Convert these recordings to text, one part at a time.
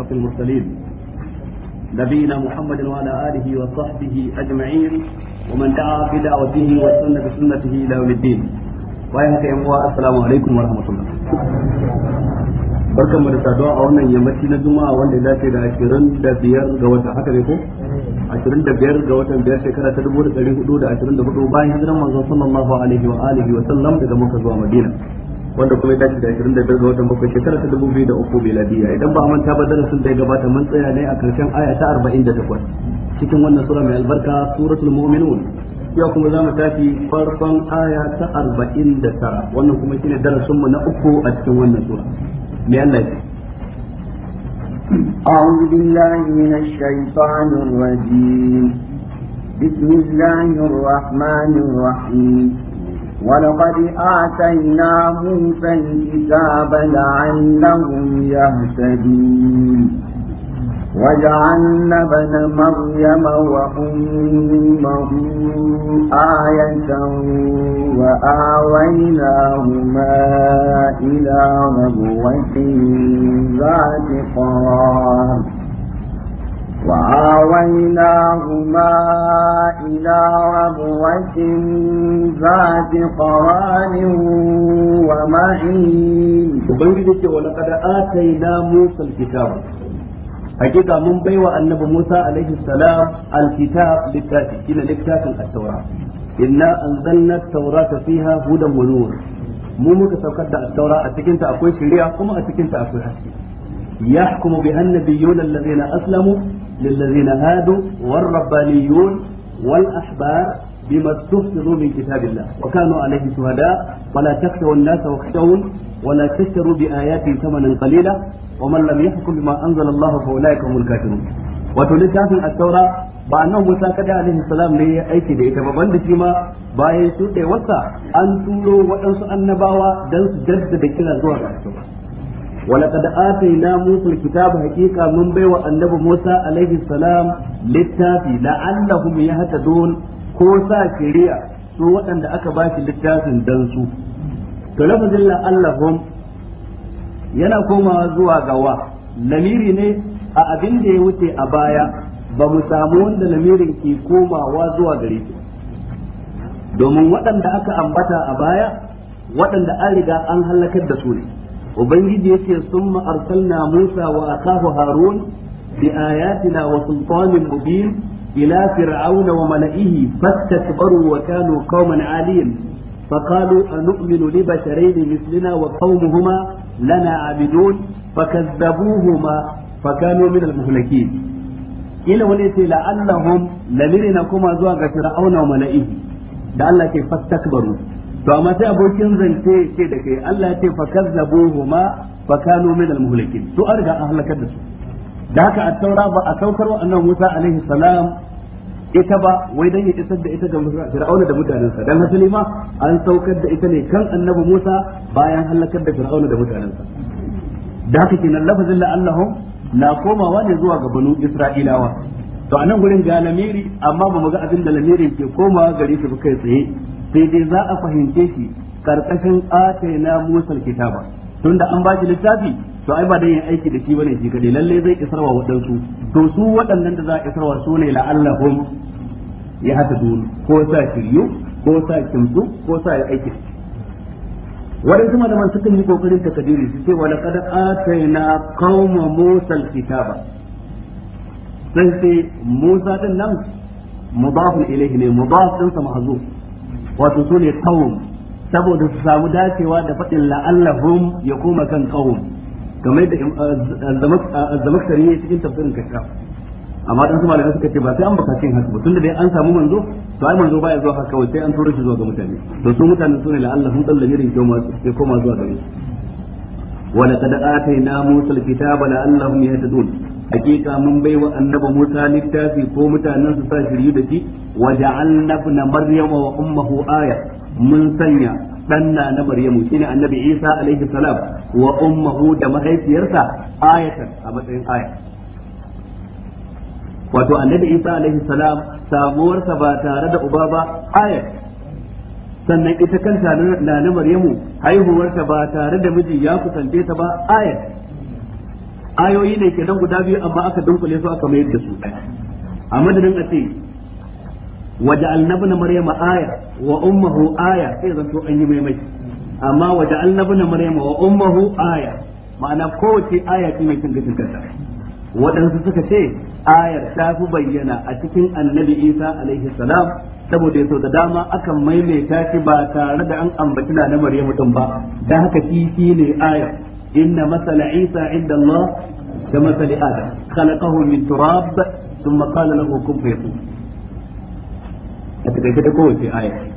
أشرف المرسلين نبينا محمد وعلى آله وصحبه أجمعين ومن دعا بدعوته وسن بسنته إلى يوم الدين wa rahmatullah da saduwa a wannan yammaci na juma'a wanda ya dace da ashirin da biyar ga watan haka ne ko ashirin da biyar ga watan biyar shekara ta dubu da hudu da ashirin da hudu bayan hijiran manzon sallallahu alaihi wa alihi wa sallam daga muka zuwa madina wanda kuma ya dace da 25 ga watan bakwai shekara ta 2003 miladiya idan ba manta ba darasin da ya gabata mun tsaya ne a karshen aya ta 48 cikin wannan sura mai albarka suratul mu'minun ya kuma za mu tafi farkon aya ta 49 wannan kuma shine darasin mu na uku a cikin wannan sura me Allah ya أعوذ بالله من الشيطان الرجيم بسم الله الرحمن الرحيم ولقد آتينا موسى الكتاب لعلهم يهتدون وجعلنا ابن مريم وأمه آية وآويناهما إلى ربوة ذات قرار وآويناهما إلى ربوة ذات قرار ومعين وبنجدك ولقد آتينا موسى الكتاب حقيقة من بيوى النبي موسى عليه السلام الكتاب للتاتي إلى لكتاب التوراة إنا أنزلنا التوراة فيها هدى ونور mu muka saukar da attaura a cikinta akwai shari'a kuma a cikinta akwai haske يحكم بها النبيون الذين أسلموا للذين هادوا والربانيون والأحبار بما استحفظوا من كتاب الله وكانوا عليه شهداء ولا تخشوا الناس واخشون ولا تشتروا بآياتي ثمنا قليلا ومن لم يحكم بما أنزل الله فأولئك هم الكافرون وتلتاف التوراة ba nan Musa kada alaihi salam ne ya aiki da ita ba banda shi ma bayan shuɗe wasa an turo waɗansu annabawa don su jaddada kira zuwa ga ba ولقد آتينا موسى الكتاب حقيقة من بيوى النبي موسى عليه السلام للتافي لعلهم يهتدون كوسا شريع سوى أن أكباش للتافي دنسو تلفظ لعلهم yana komawa zuwa gawa lamiri ne a abin da ya wuce a baya ba mu samu wanda lamirin ke komawa zuwa gari. domin waɗanda aka ambata a baya waɗanda an riga an halakar da su ne ubangiji yake summa arsalna musa wa akahu harun bi ayatina wa sultanin mubin ila fir'auna wa mala'ihi fastakbaru wa kanu qauman aliyin فقالوا أنؤمن لبشرين مثلنا وقومهما لنا عابدون فكذبوهما فكانوا من المهلكين kila wani ce la'allahum lamiri na kuma zuwa ga fir'auna wa mala'ihi da Allah ke to amma sai abokin zance ce da kai Allah ya ce fa ma fa kanu min al-muhlikin su an riga an halakar da su da haka a taura ba a saukar wa annabi Musa alaihi salam ita ba wai dan ya isar da ita ga Fir'auna da mutanensa dan hasali ma an saukar da ita ne kan annabi Musa bayan halakar da Fir'auna da mutanensa da haka kenan lafazin la Allahum na komawa ne zuwa ga banu Isra'ilawa to anan gurin ga lamiri amma ba mu ga abin da lamirin ke komawa gare su kai tsaye sai dai za a fahimce shi karkashin atayna musal kitaba tunda an ba shi littafi to ai ba dan yin aiki da shi bane shi kadai lalle zai isarwa waɗansu to su waɗannan da za a isarwa su ne la'allahum ya hata dun ko sa shiryu ko sa kimsu ko sa ya aiki waɗansu malaman sukan yi kokarin kadiri su ce wala kad atayna qauma musal kitaba sai sai musa din nan mudafun ilayhi ne mudaf din sa mahzuf wato su ne qawm saboda su samu dacewa da fadin la'allahum ya koma kan qawm kamar da azzamakari ne cikin tafsirin kashaf amma dan su malamai suka ce ba sai an baka cin haka ba tunda dai an samu manzo to ai manzo baya zuwa haka sai an turo shi zuwa ga mutane to su mutane su ne la'allahum dallamirin ke koma zuwa gare shi ولقد آتينا موسى الكتاب لعلهم يهتدون hakika mun baiwa annabi Musa littafi ko mutanen su sa shiryu da shi wa ja'alna ibn maryama wa ummuhu aya mun sanya dan na na maryamu shine annabi Isa alaihi salam wa ummuhu da mahaifiyarsa ayatan a matsayin aya wato annabi Isa alaihi salam samuwarsa ba tare da uba ba aya sannan ita kanta na na maryamu haihuwarta ba tare da miji ya kusance ta ba aya ayoyi ne ke nan guda biyu amma aka dunkule su aka mayar da su a madadin a ce waja'alna na maryama aya wa ummuhu aya sai zanto an yi mai amma waja'alna na maryama wa ummuhu aya ma'ana kowace aya ce mai cin gashin kanta waɗansu suka ce ayar ta fi bayyana a cikin annabi isa alaihi salam saboda sau da dama akan maimaita shi ba tare da an ambaci na maryam mutum ba dan haka shi ne ayar inna masala isa inda Allah كمثل آدم خلقه من تراب ثم قال له كن فيكون أتكلم كده كوي في آية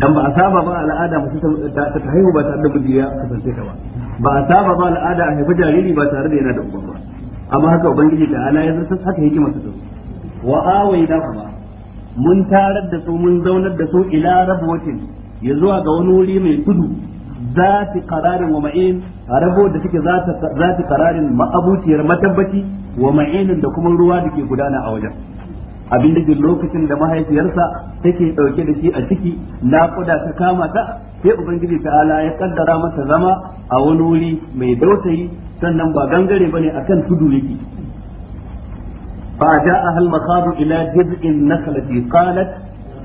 dan ba a saba ba al'ada mace ta haihu ba ta da miji ya kasance ta ba ba a saba ba al'ada a haifi jariri ba tare da yana da uba amma haka ubangiji da ala yanzu zartar haka yake masa dole wa awai da kuma mun tarar da su mun zaunar da su ila rabwatin ya zuwa ga wani wuri mai tudu zati qararin wa ma'in rabo da take zati qararin ma'abuciyar matabbaci wa da kuma ruwa da ke gudana a wajen abin da lokacin da mahaifiyarsa take dauke da shi a ciki na kuda ta kama ta sai ubangiji ta'ala ya kaddara masa zama a wani wuri mai dautayi sannan ba gangare bane akan tudu yake فأجاءها المخاض إلى جذع النخلة ya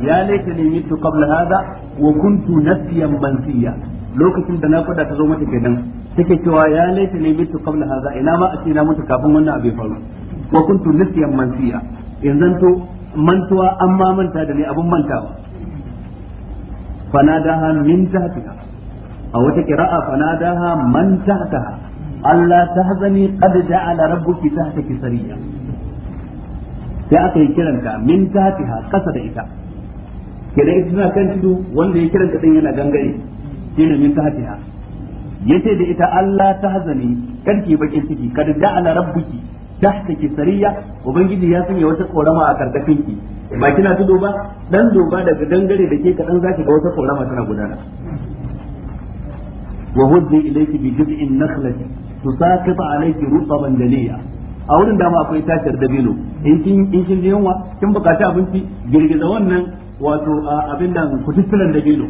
ya ليتني mitu قبل hada wa kuntu nasiyan mansiya lokacin da na fada ta zo mata kenan take cewa ya laita ne mitu qabla hadha ina ma a ce na mutu kafin wannan abu ya faru wa kuntu nasiyan mansiya in to mantuwa an ma manta da ni abun mantawa fanadaha min tahtiha a wata qira'a fanadaha man tahtaha Allah ta tahzani qad ja'ala rabbuki tahtaki sariya sai aka yi kiranta min tahtiha kasa da ita kenan ita tana kan tudu wanda ya kiranta din yana gangare ne min tahtiha yace da ita Allah ta hazani karki bakin ciki kada rabbiki rabbuki tahtaki sariya ubangiji ya sanya wata korama a karkashin ki ba kina tudu ba dan doba daga dangare da ke kadan zaki ga wata korama tana gudana wa huddi ilayki bi juz'in nakhlati tusaqit alayki rutban daliya a wurin dama akwai tashar dabino in kin in kin yunwa kin bukaci abinci girgiza wannan wato abin da kututtulan da bilo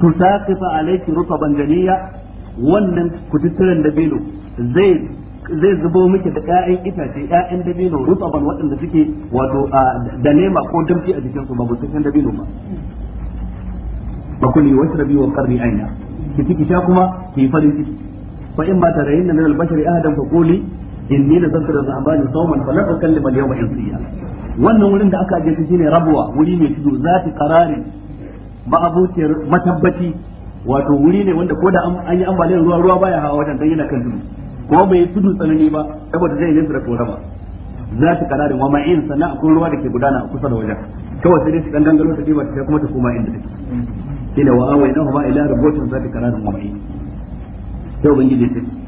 tusaqifa alayki rutaban ganiya wannan kututtulan da bilo zai zai zubo miki da ƴaƴan itace ƴaƴan dabino rutaban waɗanda suke wato da nema ko damfi a jikinsu ba busasshen dabino ba ba kuli washrabi wa qarni aina ki ciki sha kuma ki farin ciki fa in ma tarayinna min al-bashari ahadan fa quli inni nazartu lirrahmani sawman falan ukallima al-yawma insiya wannan wurin da aka ajiye shine rabuwa wuri mai tudu su karari ba abokiyar matabbaci wato wuri ne wanda ko da an yi ambaliyar ruwa ruwa baya hawa wajen yi yana kan tudu ko bai yi tudu tsanani ba saboda zai nesa da korama za ta kararin wa ma'in sannan akwai ruwa da ke gudana a kusa da wajen kawai sai dai su dan gangaro ta diba ta kuma ta koma inda take shine wa awai na kuma ila rabbutin za ta kararin wa ma'in sai ubangiji ya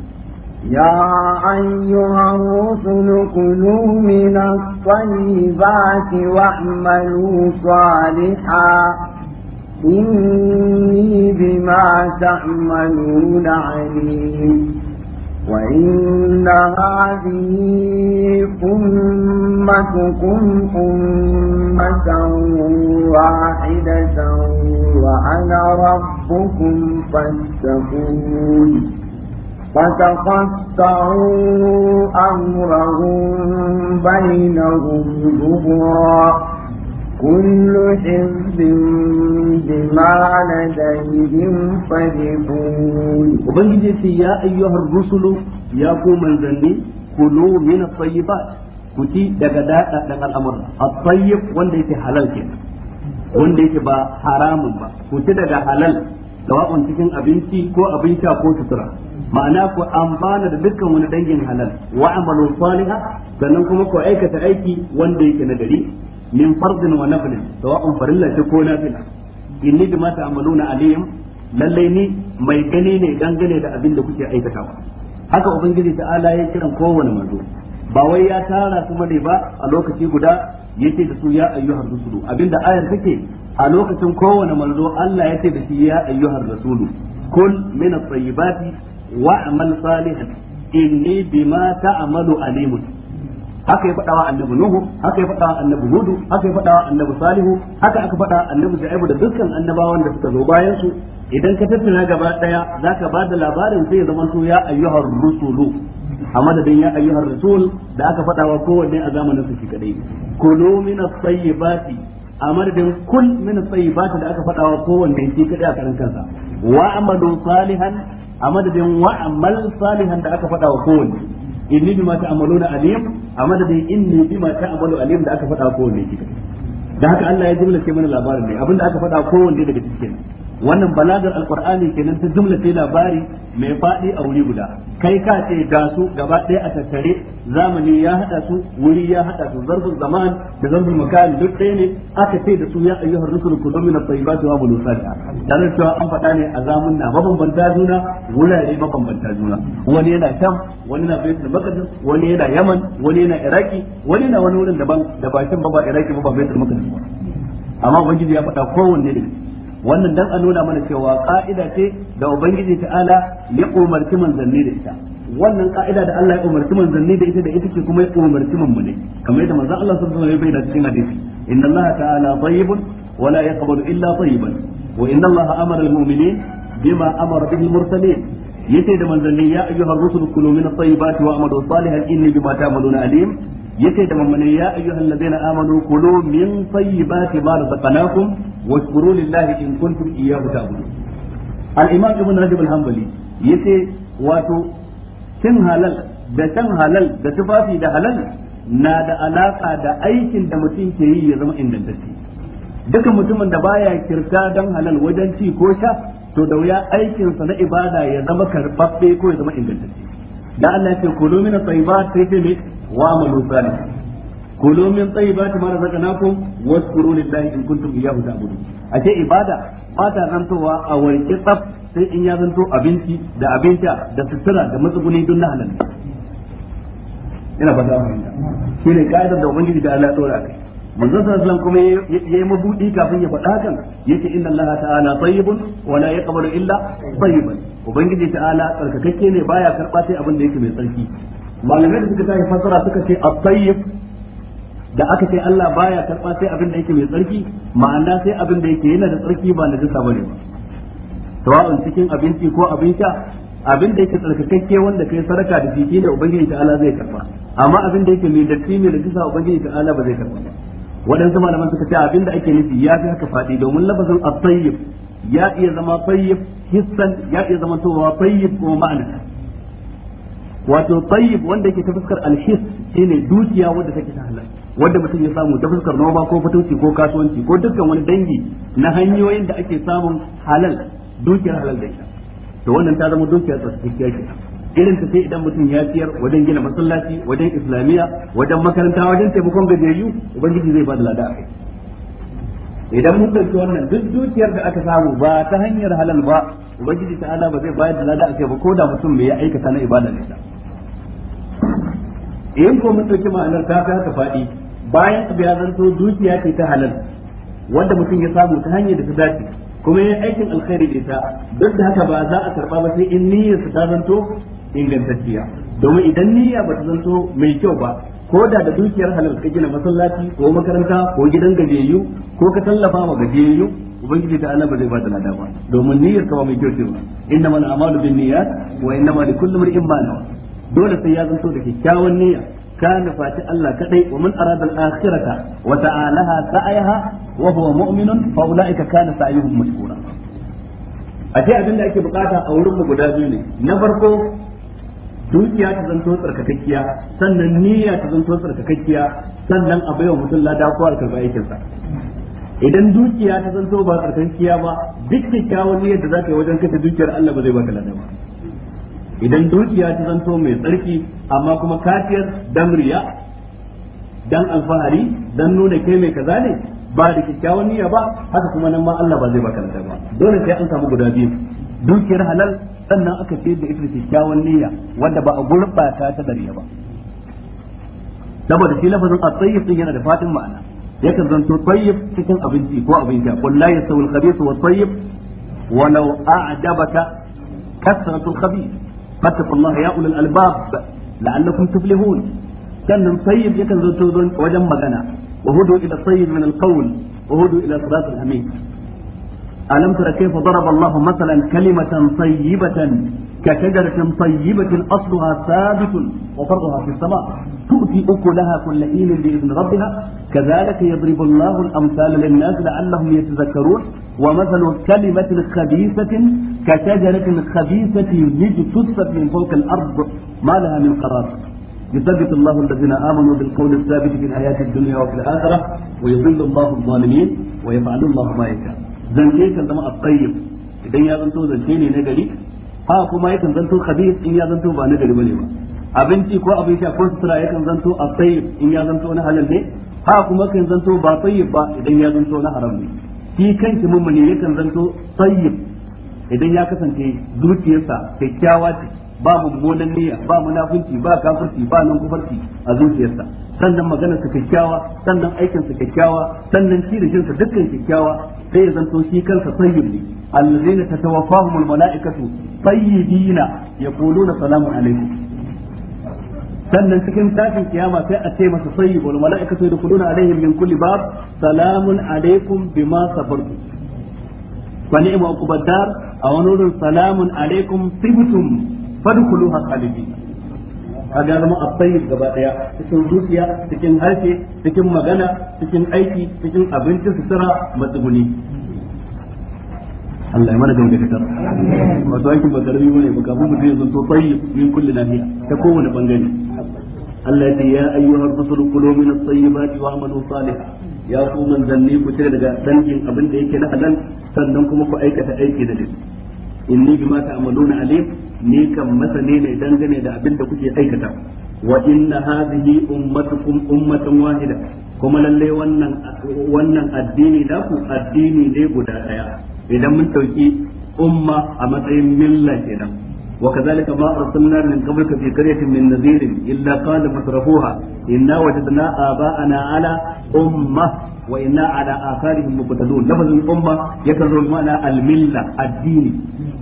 يا أيها الرسل كلوا من الطيبات واعملوا صالحا إني بما تعملون عليم وإن هذه أمتكم أمة واحدة وأنا ربكم فاتقون فتقطعوا أمرهم بينهم زبرا كل حزب بما لديهم فرحون وبنجد يا أيها الرسل يا قوم الجنين كلوا من الطيبات kuti daga daɗa daga al'amur a tsayyib wanda yake halal ke wanda yake ba haramun ba kuti daga halal da cikin abinci ko abin sha ko sutura ma'ana ku amfana da dukkan wani dangin halal wa amalu saliha sannan kuma ku aikata aiki wanda yake na gari min fardin wa naflin sawa'un farilla ce ko nafila inni mata amaluna alim lalle ni mai gani ne dangane da abin da kuke aikatawa haka ubangiji ta'ala ya kiran kowane manzo ba wai ya tara su ne ba a lokaci guda yake da su ya ayyuhar rusulu abinda ayar take a lokacin kowane manzo Allah ya ce da shi ya ayyuhar rasulu kul min at-tayyibati wa'mal salihan inni bima ta'malu alimun haka ya faɗa wa annabi nuhu haka ya faɗa wa annabi hudu haka ya faɗa wa annabi salihu haka aka fada annabi shu'aibu da dukkan annabawan da suka zo bayan su idan ka tattauna gaba daya zaka ba da labarin sai ya zama to ya ayyuhar rusulu a madadin ya ayyuhar rasul da aka faɗa wa kowanne a zamanin su shi kadai kulu min as-sayyibati a madadin kul min as-sayyibati da aka faɗa wa kowanne shi kadai a karan kansa wa amalu salihan a madadin wa amal salihan da aka faɗa wa kowanne inni bima ta'maluna alim a madadin inni bima ta'malu alim da aka faɗa wa kowanne shi da haka Allah ya jimla ke mana labarin ne abinda aka faɗa kowanne daga cikin wannan balagar alqur'ani kenan ta jumla sai labari mai faɗi a wuri guda kai ka ce ga su gaba ɗaya a tattare zamani ya hada su wuri ya hada su zarbul zaman da zarbul makan duk ɗaya ne aka ce da su ya ayyuha rusul kullu min at-tayyibati wa min as-salihat dan cewa an faɗa ne a zamunna mabambanta juna wurare mabambanta juna wani yana sham wani yana baitul maqdis wani yana yaman wani yana iraki wani yana wani wurin daban da ba sham ba ba iraki ba ba baitul maqdis amma ubangiji ya faɗa kowanne ne. wannan dan a nuna mana cewa ka'ida ce da ubangiji ta'ala ya umarci manzanni da ita wannan ka'ida da Allah ya umarci manzanni da ita da ita kuma ya umarci ne kamar yadda manzon Allah sallallahu alaihi wasallam ya bayyana cikin hadisi inna Allah ta'ala tayyibun wa la yaqbalu illa tayyiban wa inna Allah amara al bima amara bihi mursalin yace da manzanni ya ayyuhar rusul kulu min at-tayyibati wa salihan inni bima ta'maluna alim yace da mamane ya amanu kulu min tayyibati ma razaqnakum washkuru lillahi in kuntum iyyahu ta'budun al-imam ibn rajab al-hanbali yace wato cin halal da shan halal da tufafi da halal na da alaka da aikin da mutum ke yi ya zama indantacce duka mutumin da baya kirka dan halal wajen ci ko sha to da wuya aikinsa na ibada ya zama karbabbe ko ya zama indantacce da Allah ya ce kulu min tayyibat sai wa amalu salih kulu min tayyibati ma razaqnakum washkuru lillahi in kuntum iyyahu ta'budun ace ibada ba ta zantowa a warke tsaf sai in ya zanto abinci da abinci da sutura da matsuguni don na halal ina ba ta fahimta shi ne ka'idar da ubangiji da Allah tsora kai manzon sallallahu alaihi kuma yayi mabudi kafin ya faɗa kan yake inna Allah ta'ala tayyibun wa la yaqbalu illa tayyiban ubangiji ta'ala tsarkakakke ne baya karba sai abin da yake mai tsarki malamai da suka tafi fasara suka ce at-tayyib da aka ce Allah baya karba sai abin da yake mai tsarki ma'ana sai abin da yake yana da tsarki ba najasa bane ba sawa'un cikin abinci ko abin sha abin da yake tsarkakakke wanda kai saraka da shi da ubangiji ta Allah zai karba amma abin da yake mai datti mai najasa ubangiji ta Allah ba zai karba waɗansu malaman suka ce abin da ake nufi ya fi haka faɗi domin lafazin at-tayyib ya iya zama tayyib hissan ya iya zama towa tayyib ko ma'ana wato tayyib wanda yake ta fuskar al-hiss shine dukiya wanda take ta halal wanda mutum ya samu da fuskar noma ko fatauci ko kasuwanci ko dukkan wani dangi na hanyoyin da ake samun halal dukiyar halal da to wannan ta zama dukiyar tsakiyar kita irin ta sai idan mutum ya siyar wajen gina masallaci wajen islamiyya wajen makaranta wajen taimakon gajiyayyu ubangiji zai ba da lada akai idan mun ɗauki wannan duk dukiyar da aka samu ba ta hanyar halal ba ubangiji ala ba zai bayar da lada akai ba ko da mutum mai ya aikata na ibada ne in ko mun dauki ma'anar ta fi haka faɗi bayan abu ya zanto dukiya ce ta halal wanda mutum ya samu ta hanyar da ta dace kuma ya aikin alkhairi da ita duk da haka ba za a karba ba sai in niyyar ta zanto ingantacciya domin idan niyya ba ta zanto mai kyau ba ko da da dukiyar halal ka gina masallaci ko makaranta ko gidan gajiyayyu ko ka tallafa wa gajeyu ubangiji ta Allah ba zai bada lada ba domin niyyar ka ba mai kyau ce ba innamal a'malu niyyat wa ma likulli imrin ma nawa dole sai ya zanto da kyakkyawan niyya ka nufati Allah kaɗai wa man arada al-akhirata wa ta'alaha sa'ayaha wa huwa mu'minun fa ulaika kana sa'yuhum mashkura a ce abin da ake bukata a wurin mu guda biyu ne na farko dukiya ta zanto tsarkakakkiya sannan niyya ta sannan mutum lada ko aikinsa idan dukiya ta zanto ba tsarkakkiya ba duk kyakkyawan niyyar da za ka yi wajen kashe dukiyar Allah ba zai baka lada ba idan dukiya ta zanto mai tsarki amma kuma kafiyar dan riya dan alfahari dan nuna kai mai kaza ne ba da kyakkyawan niyya ba haka kuma nan ma Allah ba zai baka lada ba dole sai an samu guda biyu dukiyar halal sannan aka ce da ita kyakkyawan niyya wanda ba a gurbata ta da riya ba saboda shi lafazin at-tayyib din yana da fatin ma'ana yakan zanto tayyib cikin abinci ko abin sha qul la yastawil khabithu wat tayyib walau a'jabaka kasratul khabith فاتقوا الله يا أولي الألباب لعلكم تفلحون كان طيب يكن زوجون وجم مغنى وهدوا إلى الطيب من القول وهدوا إلى صراط الحميد ألم تر كيف ضرب الله مثلا كلمة طيبة كشجرة طيبة أصلها ثابت وفرضها في السماء تؤتي أكلها كل حين بإذن ربها كذلك يضرب الله الأمثال للناس لعلهم يتذكرون ومثل كلمة خبيثة كشجرة خبيثة اجتثت من فوق الأرض ما لها من قرار يثبت الله الذين آمنوا بالقول الثابت في الحياة الدنيا وفي الآخرة ويضل الله الظالمين ويفعل الله ما يشاء zance kan zama at idan ya zanto zance ne na gari ha kuma yakan zanto khabith in ya zanto ba na gari bane ba abinci ko abin sha ko sutura yakan zanto at in ya zanto na halal ne ha kuma kan zanto ba tayyib ba idan ya zanto na haram ne shi kanki mummuni yakan zanto tayyib idan ya kasance zuciyarsa kyakkyawa ce ba mummunan niyya ba munafunci ba kafirci ba nan kufarci a zuciyarsa sannan maganar sa kyakkyawa sannan aikin sa kyakkyawa sannan cirishin sa dukkan kyakkyawa sai ya zanto shi kansa tayyib ne allazina tatawaffahumul malaikatu tayyibina yaquluna salamun alaikum sannan cikin kiyama sai a ce masa tayyibul malaikatu yadkhuluna alaihim min kulli bab salamun alaikum bima ni'ma uqbad dar aw nurun salamun alaikum tibtum fadkhuluha kaga zama at-tayyib gaba daya cikin zuciya cikin harshe cikin magana cikin aiki cikin abinci sutura matsuguni Allah ya mana da da katar wato aikin ba karbi bane ba kafin mutum ya zanto tayyib min kulli nahiya ta kowane bangare Allah ya ya ayyuhar rusulu kulo min at wa amalu salihan ya ku manzanni ku cire daga dangin abin da yake na halal sannan kuma ku aikata aiki da shi inni bima ta'maluna alim ni kan masani ne dangane da abin da kuke aikata wa inna hadhihi ummatukum ummatan wahida kuma lalle wannan wannan addini da ku addini ne guda daya idan mun dauki umma a matsayin milla kenan wa kadhalika ma arsalna min qablika fi qaryatin min nadhirin illa qala masrafuha inna wajadna aba'ana ala umma wa inna ala atharihim muqtadun lafazin umma yakan zo ma'ana al milla addini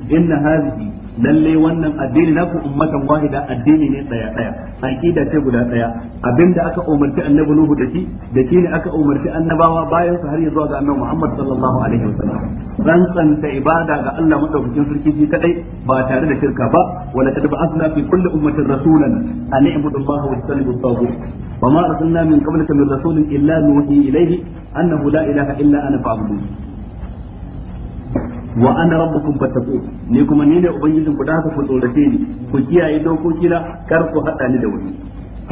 inna hadhihi lalle wannan addini na ku ummatan wahida addini ne tsaya tsaya aqida ce guda tsaya abinda aka umarci annabi nuhu da shi da shi ne aka umarci annabawa bayan su har ya zuwa ga annabi Muhammad sallallahu alaihi wasallam rantsanta ibada ga Allah madaukakin sarki shi kadai ba tare da shirka ba wala kad ba'athna fi kulli ummatin rasulan an ibudu Allah wa tanibu tawhid wa ma arsalna min qablika min rasulin illa nuhi ilayhi annahu la ilaha illa ana fa'budun wa ana rabbukum fattaqu ni kuma ni ne ubangijin ku da haka ku tsorace ni ku kiyaye dokoki na kar ku hada ni da wani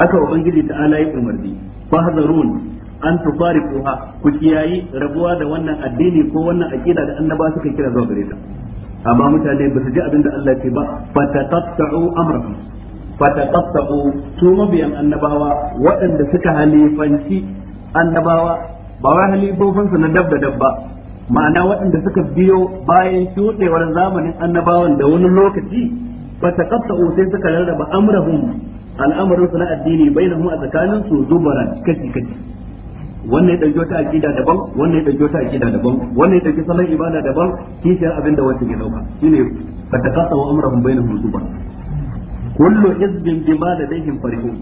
haka ubangiji ta'ala ya umarni fa hadarun an tufariquha ku kiyayi rabuwa da wannan addini ko wannan aqida da annaba suka kira zuwa gare ta amma mutane ba su ji abin da Allah ke ba fataqatta'u amrahum fataqatta'u su mabiyan annabawa waɗanda suka halifanci annabawa ba wai halifofin su na dab da dabba ma'ana waɗanda suka biyo bayan shuɗewar zamanin annabawan da wani lokaci ba ta kafsa'u sai suka rarraba amrahum al'amarin su na addini na a tsakanin su zubara kaci kaci wannan ya ɗauki wata aƙida daban wannan ya ɗauki wata aƙida daban wannan ya ɗauki salon ibada daban kishiyar abin da wancan ya ɗauka ne ba ta bai na hun zubara kullu izbin bima ladaihim farihun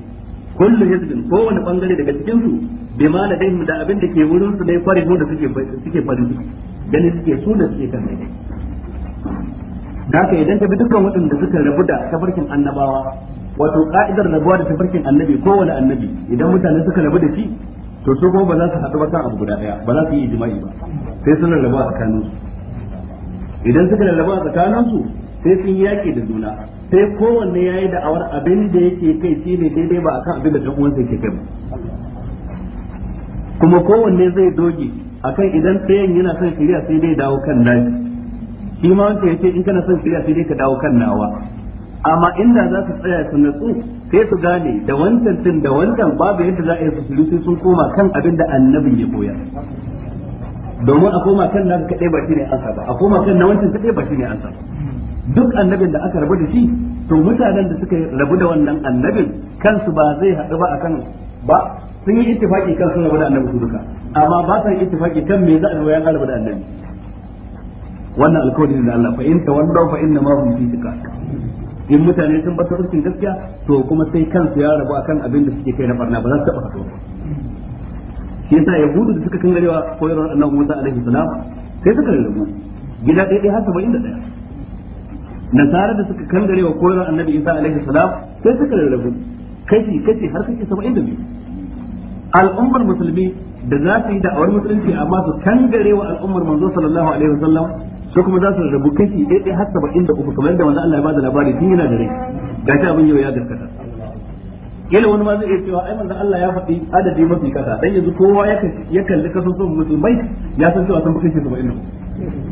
kullu hizbin kowane bangare daga cikin su bima ladaihim da abin da ke wurin su ne farihu da suke suke farin ciki gani suke su da suke kan daidai da ka idan ka bi dukkan waɗanda suka rabu da tafarkin annabawa wato ka'idar rabuwa da tafarkin annabi kowane annabi idan mutane suka rabu da shi to su kuma ba za su haɗu ba kan abu guda ɗaya ba za su yi jima'i ba sai sun rarraba a tsakaninsu idan suka rarraba a tsakaninsu sai sun yaƙi da juna sai kowanne ya yi da'awar abin da yake kai shi ne daidai ba a kan abin da ɗan uwansa yake kai ba kuma kowanne zai doge a kan idan tsayen yana son shirya sai dai dawo kan nashi shi ma wanda ce in kana son shirya sai dai ka dawo kan nawa amma inda za su tsaya su natsu sai su gane da wancan tun da wancan babu yadda za a yi su shiru sai sun koma kan abin da annabin ya koya domin a koma kan na kaɗai ba shi ne ansa ba a koma kan na wancan kaɗai ba shi ne ansa ba duk annabin da aka rabu da shi to mutanen da suka rabu da wannan annabin kansu ba zai haɗu ba akan ba sun yi ittifaki kan sun rabu da annabi su duka amma ba sa yi ittifaki kan me za a rabu yan rabu da annabi wannan alkawari ne da Allah fa in tawallaw fa inna ma hum fi shikak in mutane sun bar tarihin gaskiya to kuma sai kansu ya rabu akan abin da suke kai na barna ba za su taɓa haɗu ba. shi yasa yahudu da suka kangarewa koyarwar annabi Musa alaihi salam sai suka rabu gida ɗaya har 71 nasara da suka kangare wa koyarwar annabi isa alaihi salam sai suka rarrabu kashi kashi har kashi saba'in da biyu al'ummar musulmi da za su yi da'awar musulunci amma su kangare wa al'ummar manzo sallallahu alaihi wasallam su kuma za su rarrabu kashi ɗaya har saba'in da uku kamar yadda manzo Allah ya bada labari tun yana da rai ga ta abin yau ya gaskata kila wani ma zai iya cewa ai manzo Allah ya faɗi adadi mafi kasa dan yanzu kowa ya kalli kasosin musulmai ya san cewa sun kashi saba'in da uku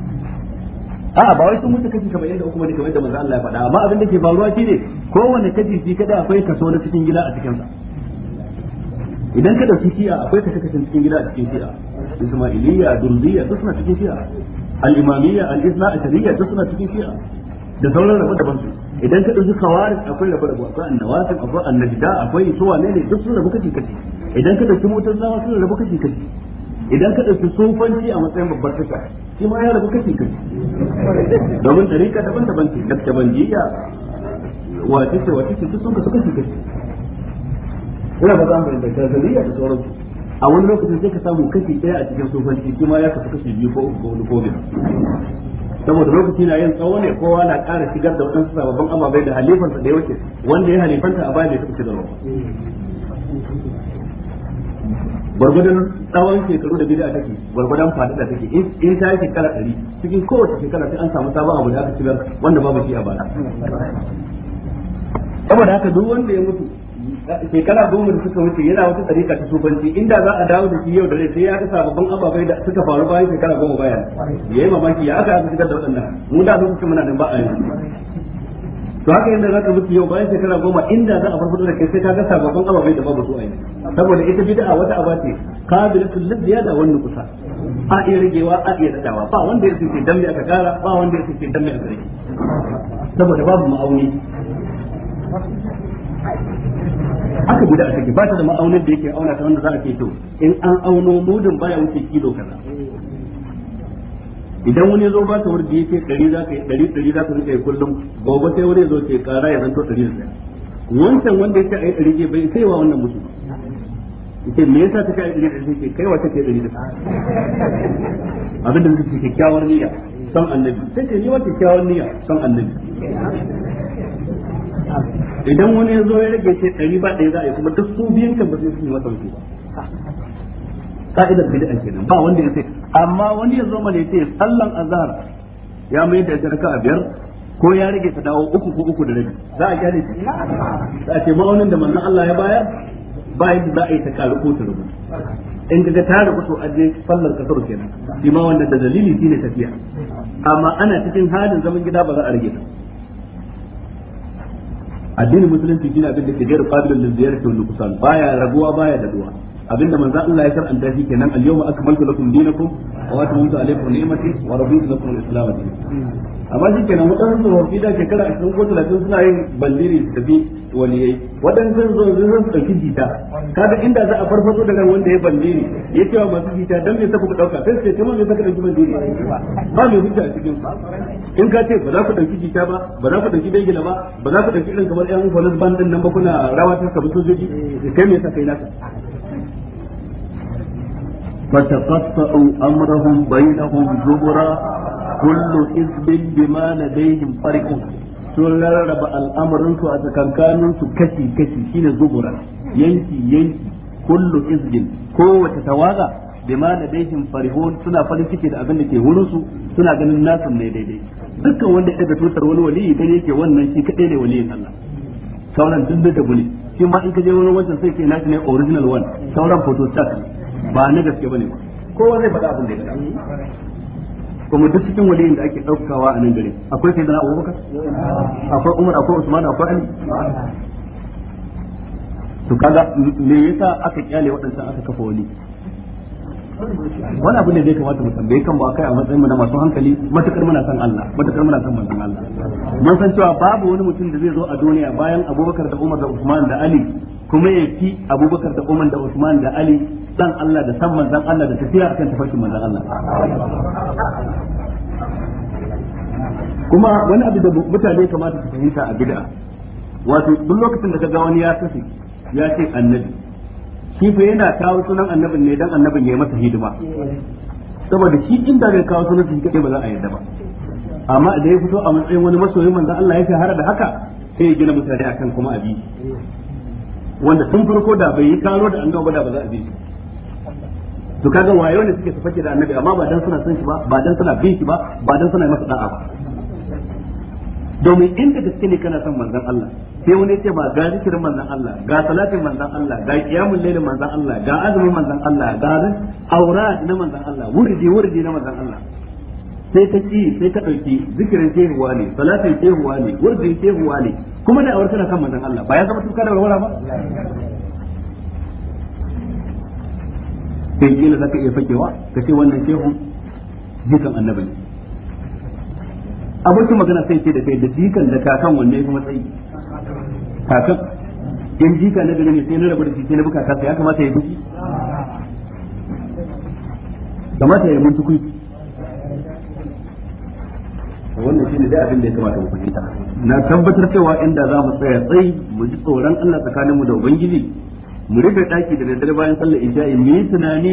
a'a ba wai sun mutu kashi kamar yadda uku ne kamar yadda manzo Allah ya faɗa amma abin da ke faruwa shine kowanne kashi shi kada akwai kaso na cikin gida a cikin sa idan ka dauki shi'a akwai kashi kashin cikin gida a cikin shi'a ismailiyya durziyya duk suna cikin shi'a al-imamiyya al-isna ashariyya duk suna cikin shi'a da sauran rabu daban su idan ka dauki khawarij akwai rabu rabu akwai annawasin akwai annajda akwai suwa ne ne duk sun rabu kashi kashi idan ka dauki mutazawa sun rabu kashi kashi idan ka ɗauki sufanci a matsayin babbar kaka, shi ma ya rabu kashi kashi domin ɗarika daban-daban ce gaske ban jiya wace ce wace ce sun kasu kashi kashi ina ba za mu rinda kazaliya da sauransu a wani lokacin sai ka samu kashi ɗaya a cikin sufanci shi ma ya kasu kashi biyu ko uku ko wani ko saboda lokaci na yin tsawo ne kowa na ƙara shigar da waɗansu sababbin ababai da halifansa da ya wuce wanda ya halifanta a baya bai taɓa shigarwa gwargwadon tsawon shekaru da bid'a take gwargwadon fadada take in ta yi shekara ɗari cikin kowace shekara sai an samu sabon abu da aka cibar wanda babu shi a bana saboda haka duk wanda ya mutu shekara goma da suka wuce yana wata tsarika ta sufanci inda za a dawo da shi yau da rai sai ya ga sababbin ababai da suka faru bayan shekara goma bayan ya yi mamaki ya aka aka shigar da waɗannan mu da su suka muna nan ba a yi to haka inda zaka mutu yau bayan shekara goma inda za a farfado da kai sai ka ga sababbin ababai da babu su a yi saboda ita bid'a wata aba ce qabilatul da wani kusa. a iya rigewa a iya dadawa ba wanda ya sace dan me aka kara ba wanda ya sace dan me aka rage saboda babu ma'auni haka bid'a take ba ta da ma'aunin da yake auna ta wanda za a ke to in an auno mudun baya wuce kilo kaza idan wani zo ba ta wurin yace ɗari za ka yi ɗari ɗari za ka rika yi kullum gobe sai wani zo ce kara ya zanto ɗari da ɗaya wancan wanda yace ayi ɗari ke bai sai wa wannan musu yace me yasa ta kai ɗari da ɗaya ce kai wa take ɗari da ɗaya abin da muke kyakkyawar niyya san annabi sai ce ni wa kyakkyawar niyya san annabi idan wani zo ya rage ce ɗari ba ɗaya za a yi kuma duk su biyan kan ba sai su yi masa mutu ba ka'idar bid'a kenan ba wanda ya sai amma wani ya zo mana ya ce sallan azhar ya mai da raka a biyar ko ya rage ta dawo uku ko uku da rabi za a gyara shi za a ce ma'aunin da manzon Allah ya bayar ba yadda za a yi ta karu ko ta rubu in ga ta rubu to aje sallar kasar kenan shi ma wanda da dalili shine tafiya amma ana cikin halin zaman gida ba za a rage ta addinin musulunci shine abin da ke jera qabilul lil ziyarati wal kusan baya raguwa baya daduwa abinda manzo Allah ya karanta shi kenan al-yawma akmaltu lakum dinakum wa atmamtu alaykum ni'mati wa raditu lakum al-islam dinan amma shi kenan wadansu wafi da shekara 20 ko 30 suna yin balliri su tafi waliyai wadansu zo zo su dauki jita kaga inda za a farfado daga wanda ya bandiri ya cewa masu jita dan me saka ku dauka sai sai kuma me saka dauki balliri ba mai hujja a cikin in ka ce ba za ku dauki jita ba ba za ku dauki dangila ba ba za ku dauki irin kamar yan police band din nan ba kuna rawa ta kabi sojoji kai me saka kai naka فتقطعوا أمرهم بينهم زبرا كل حزب بما لديهم فرحون sun rarraba al'amarinsu a tsakankaninsu kashi-kashi shine zubura yanki-yanki kullu izgin kowace tawaga bima da daihin farihon suna farin ciki da abin da ke wurinsu suna ganin nasu mai daidai dukkan wanda ya tutar wani wali waliyi gani ke wannan shi kadai ne waliyin Allah sauran duk da bune shi ma in ka je wani wancan sai ke nashi ne original one sauran photostat ne ba na gaske bane ba kowa zai faɗa abin da ya faɗa kuma duk cikin waliyin da ake ɗaukawa a nan garin akwai sai da Abu Bakar akwai Umar akwai Usman akwai Ali to kaga me yasa aka kyale waɗannan aka kafa wali wani abu ne zai kamata mu tambaye kan ba kai a matsayin mu na masu hankali matakar muna san Allah matakar muna san manzon Allah mun san cewa babu wani mutum da zai zo a duniya bayan Abubakar da Umar da Usman da Ali kuma ya fi Abubakar da Umar da Usman da Ali san Allah da san manzon Allah da tafiya kan tafarkin manzon Allah kuma wani abu da mutane kamata su fahimta a bid'a wato duk lokacin da ka ga wani ya kafe ya ce annabi shi fa yana kawo sunan annabin ne dan annabin ya masa hidima saboda shi inda zai kawo sunan shi kake ba za a yarda ba amma da ya fito a matsayin wani masoyi manzo Allah ya shahara da haka sai ya gina mutane akan kuma abi wanda tun farko da bai yi karo da annabi ba da ba za a bi shi to kaga wayo ne suke su fake da annabi amma ba dan suna son shi ba ba dan suna bin shi ba ba dan suna masa da'a ba domin inda gaske ne kana son manzon Allah sai wani ce ba ga zikirin manzon Allah ga salatin manzon Allah ga qiyamul layl manzon Allah ga azumin manzon Allah ga aurat na manzon Allah wurdi wurdi na manzon Allah sai ta ci sai ta ɗauki zikirin ce shehuwa ne salatin shehuwa ne ce shehuwa ne kuma da aure tana kan manzon Allah ba ya zama tuka da warwara ba sai kila zaka iya fakewa ka ce wannan shehun jikan annabi ne abokin magana sai ce da kai da jikan da kakan wanne ya fi matsayi kakan in jika na gani sai na rabu da shi sai na buka kasa ya kamata ya buki kamata ya mun tukui wannan ne dai abin da ya kamata mu fahimta na tabbatar cewa inda za mu tsaya tsayi mu ji tsoron Allah tsakaninmu da ubangiji mu rufe daki da daddare bayan sallar isha'i mu yi tunani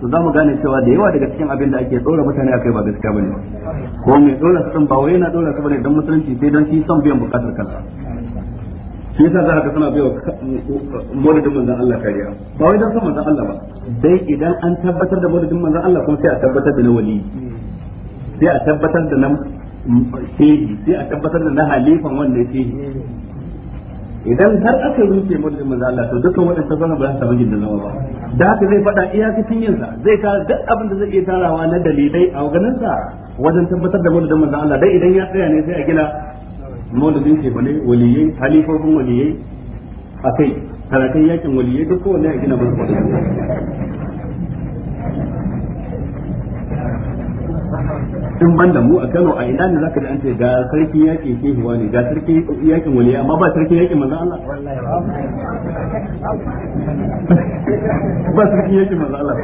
to za mu gane cewa da yawa daga cikin abin da ake dora mutane akai ba gaskiya bane ko mai dora su ba wai yana dora su bane dan musulunci sai dan shi son biyan bukatar kansa shi yasa za ka sana biyo modadin manzon Allah kariya ba wai dan son manzon Allah ba dai idan an tabbatar da modadin manzon Allah kuma sai a tabbatar da na wali sai a tabbatar da na sai a tabbatar da na halifan wanda shehi idan har aka rufe mulkin mazala to dukkan waɗanda sahaba ba za su da zama ba da haka zai faɗa iyakacin yin sa zai tara duk abin da zai iya tarawa na dalilai a ganin sa wajen tabbatar da mulkin mazala dai idan ya tsaya ne sai a gina mulkin ke bane waliyai halifofin waliyai akai tarakan yakin waliyai duk kowanne a gina mulkin in ban da mu a Kano a ina ne zaka ji an ce ga sarki ke shehu wani ga sarki yakin wani amma ba sarki yaƙi manzo Allah ba sarki yakin manzo Allah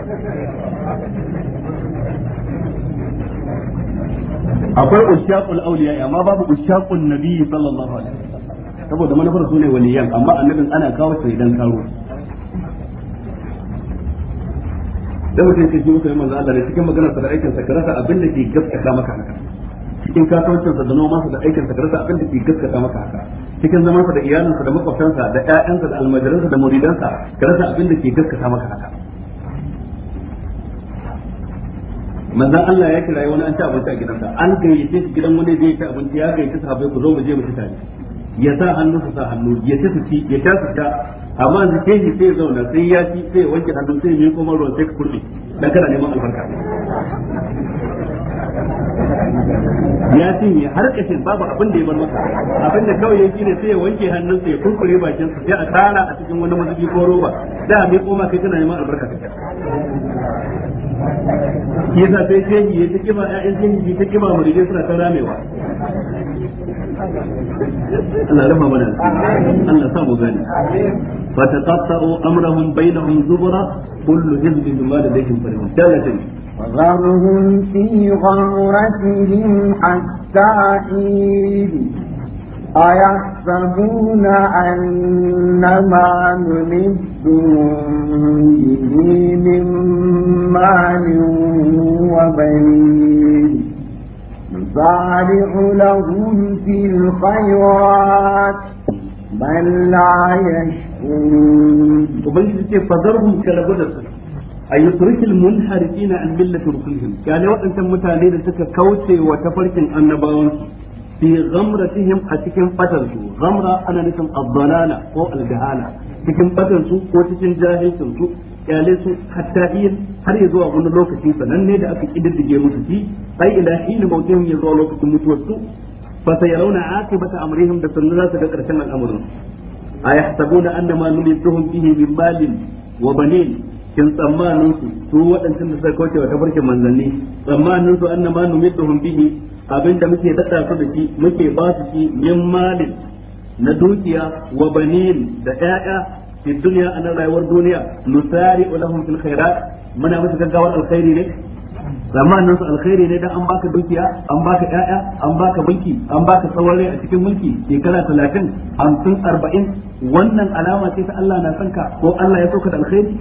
akwai ushaqul awliya amma babu ushaqun nabi sallallahu alaihi wasallam saboda manufar su ne waliyan amma annabin ana kawo sai idan karo dan mutum sai mutum ya manzo Allah ne cikin magana da aikin sa karasa abin da ke gaskata maka haka cikin kasuwancin da noma sa da aikin sa karasa abin da ke gaskata maka haka cikin zaman sa da iyalinsa da makwabtansa da ƴaƴansa da almajiransa da muridansa karasa abin da ke gaskata maka haka manzo Allah ya kira wani an ci abinci a gidansa an gayyace shi gidan wani zai ci abinci ya gayyace sahabbai ku zo mu je mu ci tare ya sa hannu su sa hannu ya ta ci ya ta su ta amma da ke shi sai zauna sai ya ci sai wanke hannu sai ya koma ruwan sai ka kurbe dan kana neman albarka ya ne har kashin babu abin da ya bar masa abin da kawai yake ne sai ya wanke hannun sai ya kurkure bakin sa sai a tara a cikin wani mazubi ko roba da mai koma kai kana neman albarka ka shi yasa sai shehi yi ta kima kiba ƴaƴan shehi ta kiba muride suna ta ramewa Allah rama mana Allah sa mu gani fa ta taqatta'u amrahum bainahum zubra kullu hizbin bima ladayhim farin dalatin وذرهم في غمرتهم حتى حين أيحسبون أنما نمدهم به من مال وبنين نسارع لهم في الخيرات بل لا يشكرون وبل فضرهم كالبدر أن يترك المنحرفين عن ملة رسلهم كان يعني وقت أنت متعليل تلك كوتي وتفرق النبوي fi ghamratihim a cikin batar su ghamra ana nufin abbalana ko aljahala cikin batar su ko cikin jahilcin su kyale su hatta har ya zuwa wani lokacin sananne da aka kididdige musu shi ai ila hin mautin ya zuwa lokacin mutuwar su fa sayarawna aqibata amrihim da sannan za su ga karshen al'amarin ayahsabuna annama nulisuhum bihi min malin wa banin kin tsammanin su su waɗancan da suka kauce wa tafarkin manzanni tsammanin su annama numidduhum bihi abinda muke dada su da shi muke ba su shi min malin na dukiya wa banin da ƴaƴa fi dunya a rayuwar duniya nusari lahum fil khairat muna musu gaggawar alkhairi ne tsammanin su alkhairi ne dan an baka dukiya an baka ƴaƴa an baka banki an baka saurare a cikin mulki shekara 30 50 40 wannan alama ce ta Allah na sanka ko Allah ya sauka da alkhairi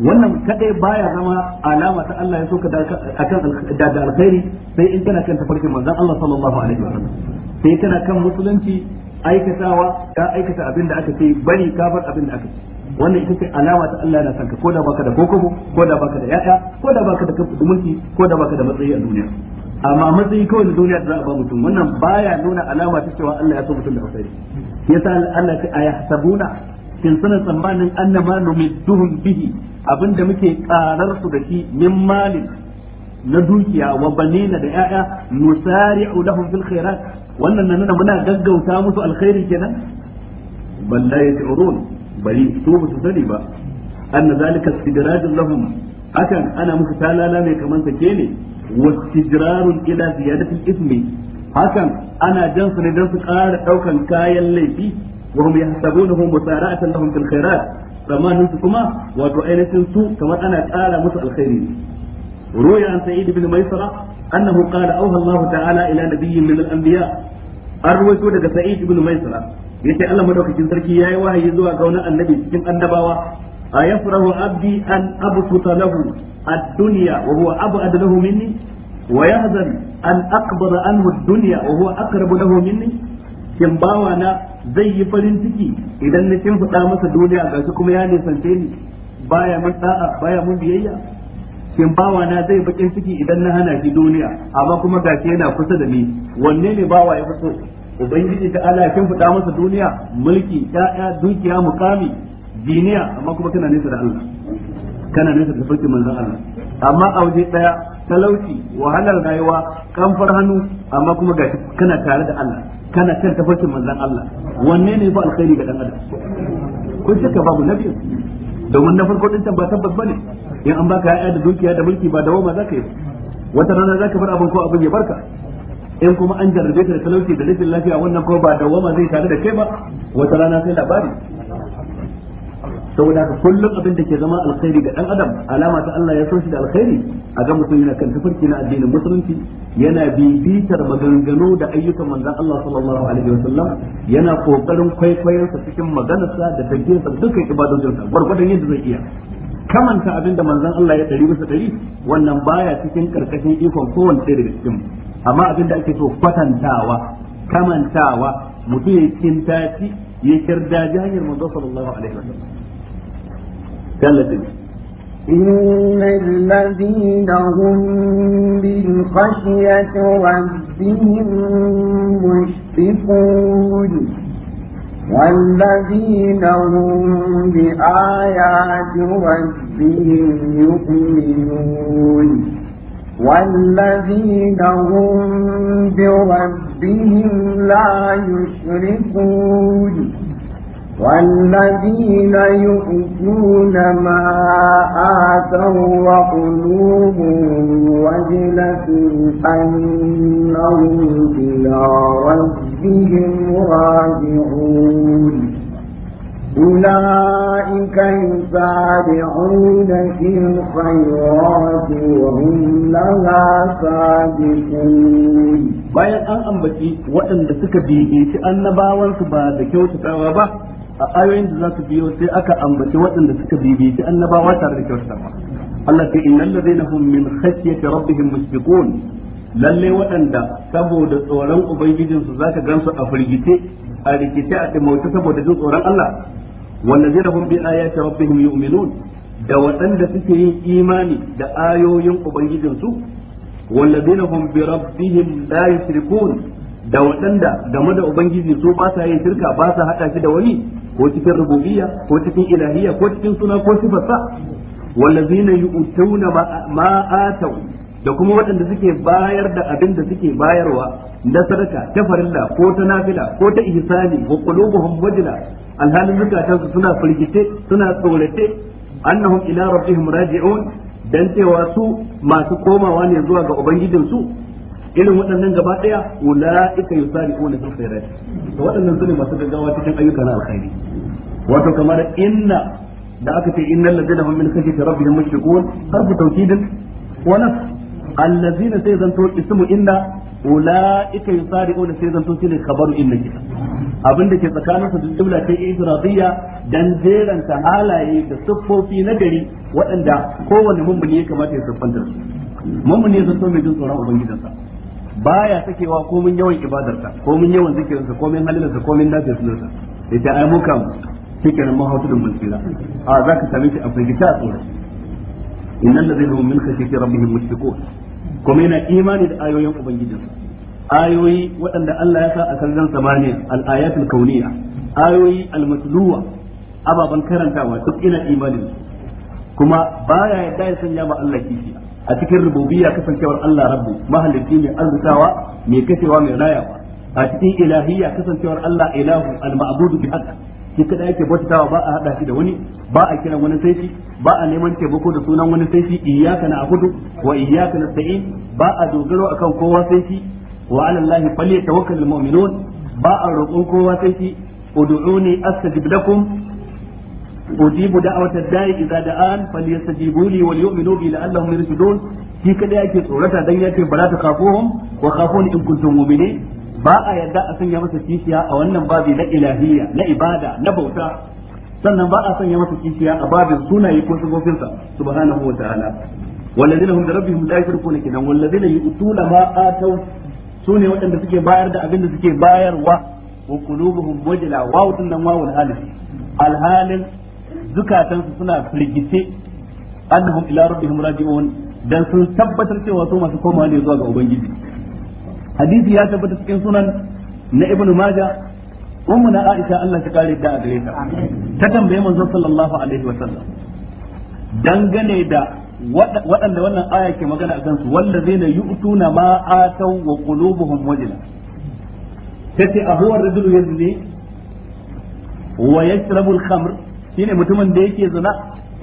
wannan kadai baya zama alama ta Allah ya soka akan da alkhairi sai in kana kan tafarkin manzon Allah sallallahu alaihi wasallam sai kana kan musulunci aikatawa ka aikata abin da aka ce bari ka bar abin da aka ce wannan ita ce alama ta Allah yana sanka ko da baka da kokobo ko da baka da yaya ko da baka da mulki ko da baka da matsayi a duniya amma matsayi kawai na duniya da za a ba mutum wannan baya nuna alama ta cewa Allah ya so mutum da alkhairi yasa Allah ya ce ayahsabuna shin sanan tsammanin annama Duhun, bihi abinda muke karar su da shi min malin na dukiya wa banina da yaya nusari'u lahum fil khairat wannan nan muna gaggauta musu alkhairi kenan balla yashurun bari su ba su sani ba anna zalika istidrajun lahum hakan ana musu talala mai kaman ke ne wastidrarun ila ziyadatil ismi hakan ana jansu ne don su ƙara ɗaukan kayan laifi وهم يحسبونه مسارعة لهم في الخيرات tsammanin su kuma wato ainihin su kamar ana ƙara musu alkhairi ruya an sa'id bin maisara annahu qala auha Allah ta'ala ila nabiyyin min al-anbiya an ruwaito daga sa'id bin maisara yace Allah madaukakin sarki ya yi wahayi zuwa ga wani annabi cikin annabawa ayafrahu abdi an absuta lahu ad-dunya wa huwa ab'ad lahu minni wa yahzan an aqbara anhu ad-dunya wa huwa aqrabu lahu minni kin bawana zai yi farin ciki idan na shimfiɗa masa duniya ga shi kuma ya nisance ni baya mun da'a baya mun biyayya kin bawa na zai bakin ciki idan na hana shi duniya amma kuma ga shi yana kusa da ni wanne ne bawa ya fito ubangiji ta ala kin fada masa duniya mulki ya'ya dukiya mukami diniya amma kuma kana nesa da Allah kana nesa da farkin manzon Allah amma a waje daya talauci wahalar rayuwa kamfar hannu amma kuma gashi kana tare da Allah kana kan tafarkin manzan Allah wanne ne ba alkhairi ga dan adam ko shakka babu nabi domin na farko din ba tabbas bane in an baka ya'ya da dukiya da mulki ba dawoma zaka yi wata rana zaka bar abin ko abin ya barka in kuma an jarrabe ka da talauci da rashin lafiya wannan ko ba dawoma zai tare da kai ba wata rana sai labari saboda haka kullum abin da ke zama alkhairi ga dan adam alama ta Allah ya so shi da alkhairi a ga mutum yana kan tafarki na addinin musulunci yana bibitar maganganu da ayyukan manzon Allah sallallahu alaihi wasallam yana kokarin kwaikwayon sa cikin maganarsa da tafiyar sa dukkan ibadojin sa gwargwadon yadda zai iya kamanta abin da manzon Allah ya dari bisa dari wannan baya cikin karkashin ikon kowanne ɗaya daga cikin amma abin da ake so kwatantawa kamantawa mutum ya kintaci ya kirdaji hanyar manzon sallallahu alaihi wasallam إن الذين هم بالخشية ربهم مشفقون والذين هم بآيات ربهم يؤمنون والذين هم بربهم لا يشركون والذين يؤتون ما آتوا وقلوبهم وجلة أنهم إلى ربهم راجعون أولئك يسارعون في الخيرات وهم لها سابقون bayan an ambaci waɗanda suka bibici annabawansu ba da kyautatawa ba a ayoyin da za su biyo sai aka ambaci waɗanda suka bibiyi annabawa tare da kyautatawa Allah ta innal ladaina hum min khashyati rabbihim mushfiqun lalle waɗanda saboda tsoron ubangijinsu zaka gansu a firgice a rikice a dimauta saboda jin tsoron Allah wallazina hum bi ayati rabbihim yu'minun da waɗanda suke yin imani da ayoyin ubangijinsu wallazina hum bi rabbihim la yushrikun da waɗanda game da ubangiji su ba sa yin shirka ba sa hada shi da wani ko cikin rububiyya ko cikin ilahiyya ko cikin suna ko sifarsa wallazina yu'tuna ma atau da kuma waɗanda suke bayar da abin da suke bayarwa na sadaka ta farilla ko ta nafila ko ta ihsani wa qulubuhum wajla alhalin su suna firgite suna tsorace annahum ila rabbihim raji'un dan cewa su masu komawa ne zuwa ga ubangijinsu irin waɗannan gaba ɗaya ula'ika yusari'una fil khairat to waɗannan sune masu gaggawa cikin ayyuka na alkhairi wato kamar inna da aka ce innal ladina hum min khashyati rabbihim mushfiqun harfu tawkidin wa nafs allazina sai zanto ismu inna wula ika yi ula'ika yusari'una sai zanto shine khabaru inna kita abin da ke tsakanin su jumla ta yi ifradiyya dan jeranta halaye da siffofi na gari waɗanda kowanne mummuni ya kamata ya siffanta su mummuni ya zanto mai jin tsoron ubangijinsa baya sakewa komin yawan ibadarsa komin yawan zikirinsa komin halilinsa komin nafisinsa ita ai mu kam fikirin mahautudin mulkila a za ka same shi a firgita a tsoron inna allazina hum min khashyati rabbihim mushfiqun kuma yana imani da ayoyin ubangijinsa ayoyi waɗanda Allah ya sa a sararin samaniya al-ayatul kauniyya ayoyi al-matluwa ababan karantawa duk ina imanin kuma baya yadda ya sanya ba Allah kishiya a cikin rububiyya kasancewar Allah rabbu mahalicci mai arzikawa mai kashewa mai rayawa a cikin ilahiyya kasancewar Allah ilahu al-ma'budu bi haqq shi kada yake bautawa ba a hada shi da wani ba a kiran wani sai shi ba a neman taimako da sunan wani sai shi iyyaka na'budu wa iyyaka nasta'in ba a dogaro akan kowa sai shi wa 'ala Allahi falyatawakkalul mu'minun ba a roƙon kowa sai shi ud'uni astajib lakum ujibu da'awata da'i idza da'an falyastajibu li wal yu'minu bi la'allahum yarshudun shi kada yake tsorata dan yake bala ta kafuhum wa in kuntum mu'minin ba a yadda a sanya masa kishiya a wannan babi na ilahiyya na ibada na bauta sannan ba a sanya masa kishiya a babin sunaye ko sifofinsa subhanahu wa ta'ala والذين هم لربهم لا يشركون كده والذين يؤتون ما آتوا su ne waɗanda suke bayar da abin da suke bayarwa wa qulubuhum wajla wa nan wa alhalin zukatansu suna firgice annahum ila rabbihim raji'un dan sun tabbatar cewa su masu koma ne zuwa ga ubangiji hadisi ya tabbata cikin sunan na ibnu maja ummu na aisha Allah ta kare da gare ta ta tambaye manzo sallallahu alaihi wasallam dangane da waɗanda wannan aya ke magana a kansu wanda zai na yu'tuna ma atau wa qulubuhum wajila tace a huwa rajulu yazni wa yashrabu al-khamr shine mutumin da yake zina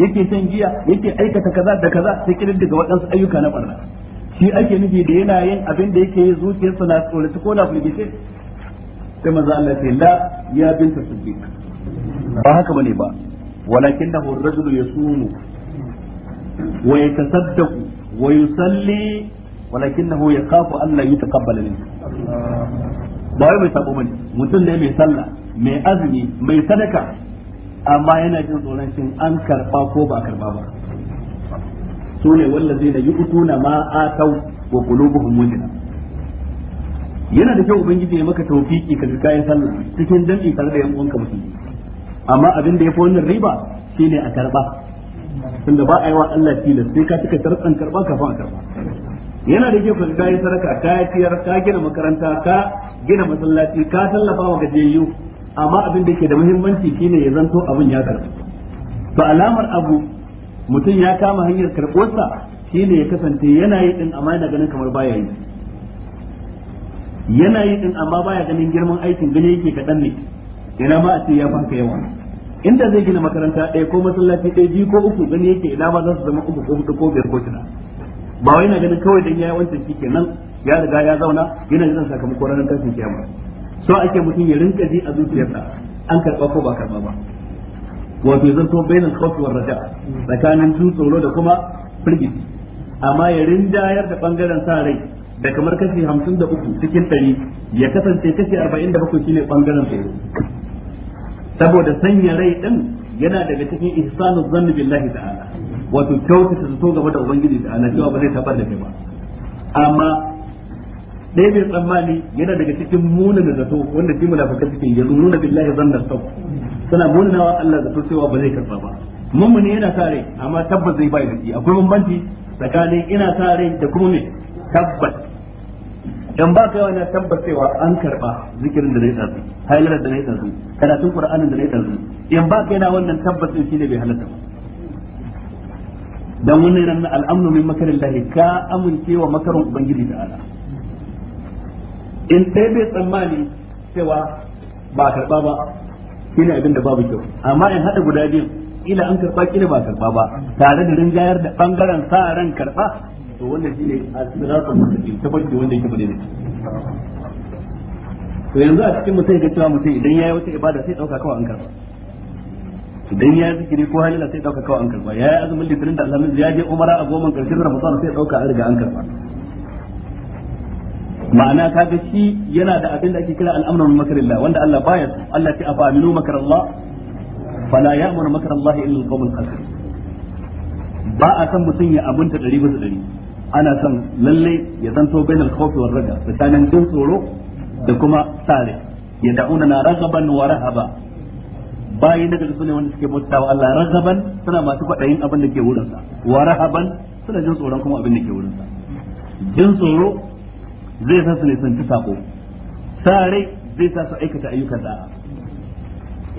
yake shan giya yake aikata kaza da kaza sai kidan daga waɗansu ayyuka na barna shi ake nufi da yana yin abin da yake yi zuciyarsa na tsoro ko na firgice sai manzo Allah sai la ya binta siddiq ba haka bane ba walakin da rajulu yasumu wa yatasaddaqu wa yusalli walakinahu yakhafu an la yutaqabbala minhu ba wai mai sabo bane mutum ne mai sallah mai azumi mai sadaka amma yana jin tsoron shin an karba ko ba karba ba su ne da yu'tuna ma atau wa qulubuhum wajna yana da kyau ubangiji ya maka tawfiki ka kayan sallah cikin dambi tare da yan uwanka musulmi amma abin da ya fi wannan riba shine a karba tunda ba a yi wa Allah tilas sai ka cika sharɗan karba ka fa karba yana da kyau ka yi sadaka ka tiyar ka gina makaranta ka gina masallaci ka tallafa wa gajiyayyu amma abin da ke da muhimmanci shine ya zanto abin ya karbu to alamar abu mutum ya kama hanyar karbuwarsa shine ya kasance yana yi din amma yana ganin kamar baya yi yana yi din amma baya ganin girman aikin gani yake kaɗan ne ina ma a ce ya baka yawa inda zai gina makaranta ɗaya ko masallaci ɗaya biyu ko uku gani yake ina ma za su zama uku ko huɗu ko biyar ko shida ba wai yana ganin kawai dan yayi wancan shi kenan ya riga ya zauna yana jiran sakamakon ranar tashin kiyama so ake mutum ya rinka ji a zuciyarsa an karɓa ko ba karɓa ba wato ya zanto bainal khawfi war raja tsakanin su tsoro da kuma firgiti amma ya rinjayar da bangaren sa rai da kamar kashi 53 cikin 100 ya kasance kashi 47 shine bangaren tsoro saboda sanya rai din yana daga cikin ihsanu zann billahi ta'ala wato kyautata zato gaba da ubangiji ta'ala cewa ba zai tabar da kai ba amma ɗaya mai tsammani yana daga cikin munin zato wanda shi munafikan suke ya nuna billahi zanna sau suna muninawa Allah zato cewa ba zai karba ba mummuni yana sa rai amma tabbas zai bai da shi akwai bambanci tsakanin ina sa rai da kuma me tabbas dan ba kai wani tabbas cewa an karba zikirin da zai tsarsu hailar da zai tsarsu karatun qur'anin da zai tsarsu in ba kai na wannan tabbas din shine bai halatta ba dan wannan al'amnu min makarin lahi ka amincewa makarin ubangiji ta'ala in ɗaya bai tsammani cewa ba karɓa ba shine abin da babu kyau amma in haɗa guda biyu ila an karɓa kina ba karɓa ba tare da rinjayar da ɓangaren sa ran karɓa to wannan shine asiratun mutaki tabbaci wanda yake bane to yanzu a cikin mutum ga cewa mutum idan yayi wata ibada sai dauka kawai an karɓa idan ya zikiri ko halila sai dauka kawai an karba ya yi azumin da da alhamis ya je umara a goma karshen ramadan sai dauka an riga an karba ma'ana kaga shi yana da abin da ake kira al'amrun makarillah wanda Allah baya su Allah ce afa aminu makarallah fala ya'muru makarallah illa al-qawmul kafir ba a san mutum ya abunta dari bisa dari ana san lalle ya zanto bainal khawfi war raja tsakanin jin tsoro da kuma sare ya da'una na ragaban wa rahaba bayi na su ne wanda suke bautawa Allah ragaban suna masu kwaɗayin abin da ke wurinsa wa rahaban suna jin tsoron kuma abin da ke wurinsa jin tsoro zai san su nisanci sako sa rai zai sa su aikata ayyukan da'a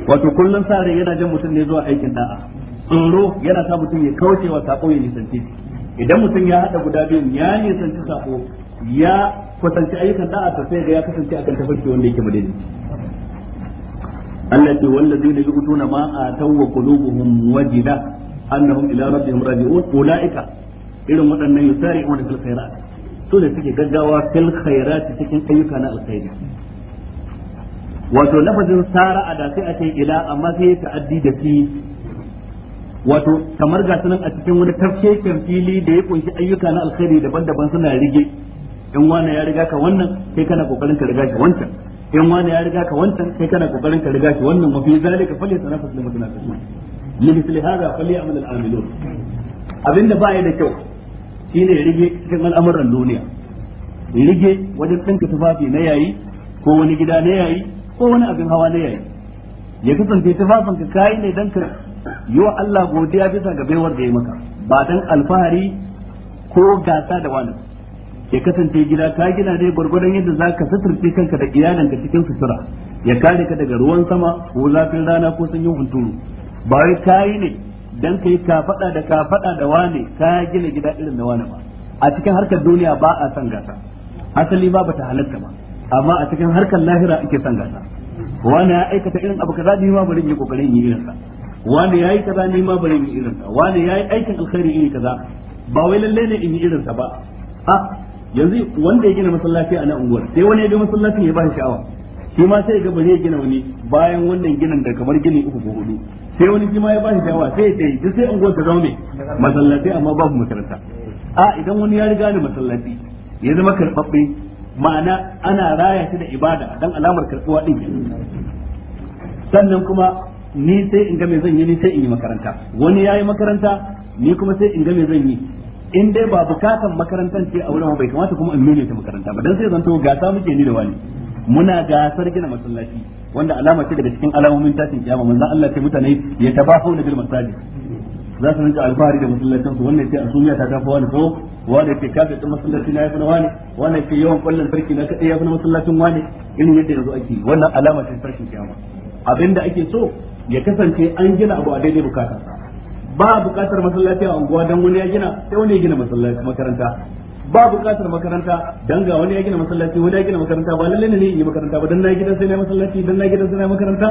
wato kullum sa yana jan mutum ne zuwa aikin da'a tsoro yana sa mutum ya kauce wa sako ya nisanci idan mutum ya hada guda biyun ya nisanci sako ya kwatanci ayyukan da'a to sai ga ya kasance akan tafarki wanda yake madani allati wallazina yu'tuna ma ataw wa qulubuhum wajida annahum ila rabbihim raji'un ulaika irin waɗannan yusari'una fil khairat su ne suke gaggawa fil khairati cikin ayyuka na alkhairi wato lafazin sara da sai a ce ila amma sai ya ta'addi da fi wato kamar ga sunan a cikin wani tafkeken fili da ya kunshi ayyuka na alkhairi daban-daban suna rige in wani ya riga ka wannan sai kana kokarin ka riga shi wancan in wani ya riga ka wancan sai kana kokarin ka riga shi wannan mafi zalika fali sanafas lil mutanafisin limithli hadha fali amal al amilun abinda ba ya da kyau ne rige cikin al'amuran duniya rige wajen tsinka tufafi na yayi ko wani gida na yayi ko wani abin hawa na yayi ya kasance tufafin ka kai ne dan ka yi wa Allah godiya bisa ga baiwar da ya maka ba dan alfahari ko gasa da wani ya kasance gida ka gina ne gwargwadon yadda za ka suturce kanka da iyalinka cikin sutura ya kare ka daga ruwan sama ko zafin rana ko sanyin hunturu ba wai kayi ne dan kai ka fada da ka fada da wane ka gina gida irin da wane ba a cikin harkar duniya ba a san gasa asali ba bata halatta ba amma a cikin harkar lahira ake san gasa wani ya aikata irin abu kaza ni ma bari in yi kokarin yi irin sa wani yayi kaza ni ma bari in yi irin sa wani yayi aikin alkhairi iri kaza ba wai lalle ne in yi irin sa ba a yanzu wanda ya gina masallaci a nan unguwar sai wani ya ga masallacin ya ba shi sha'awa shi ma sai ga bari gina wani bayan wannan ginin da kamar gini uku ko hudu sai wani shi ma ya bashi shawa sai ya yi duk sai an ta zaune masallaci amma babu makaranta a idan wani ya riga ni masallaci ya zama karɓaɓɓe ma'ana ana raya shi da ibada dan alamar karɓuwa din sannan kuma ni sai in ga me zan yi ni sai in yi makaranta wani ya yi makaranta ni kuma sai in ga me zan yi in dai ba bukatan makarantar ce a wurin bai kamata kuma in mene ta makaranta ba dan sai zan to gasa muke ni da wani muna gasar gina masallaci wanda alama ce daga cikin alamomin tashin kiyama manzon Allah sai mutane ya tabahu na bil masajid za su rinka alfahari da masallacin su wannan ce asumiya ta tafi wani tsawo wani ke kafa ta masallaci na yafi na wani wani ke yawan kwallon sarki na kadai yafi na masallacin wani irin yadda yanzu ake wannan alama ce tashin kiyama abinda ake so ya kasance an gina abu a daidai bukatar ba bukatar masallaci a unguwa dan wani ya gina sai wani ya gina masallaci makaranta ba bukatar makaranta dan ga wani ya gina masallaci wani ya gina makaranta ba lalle ne yi makaranta ba dan na gidan sai na masallaci dan na gidan sai na makaranta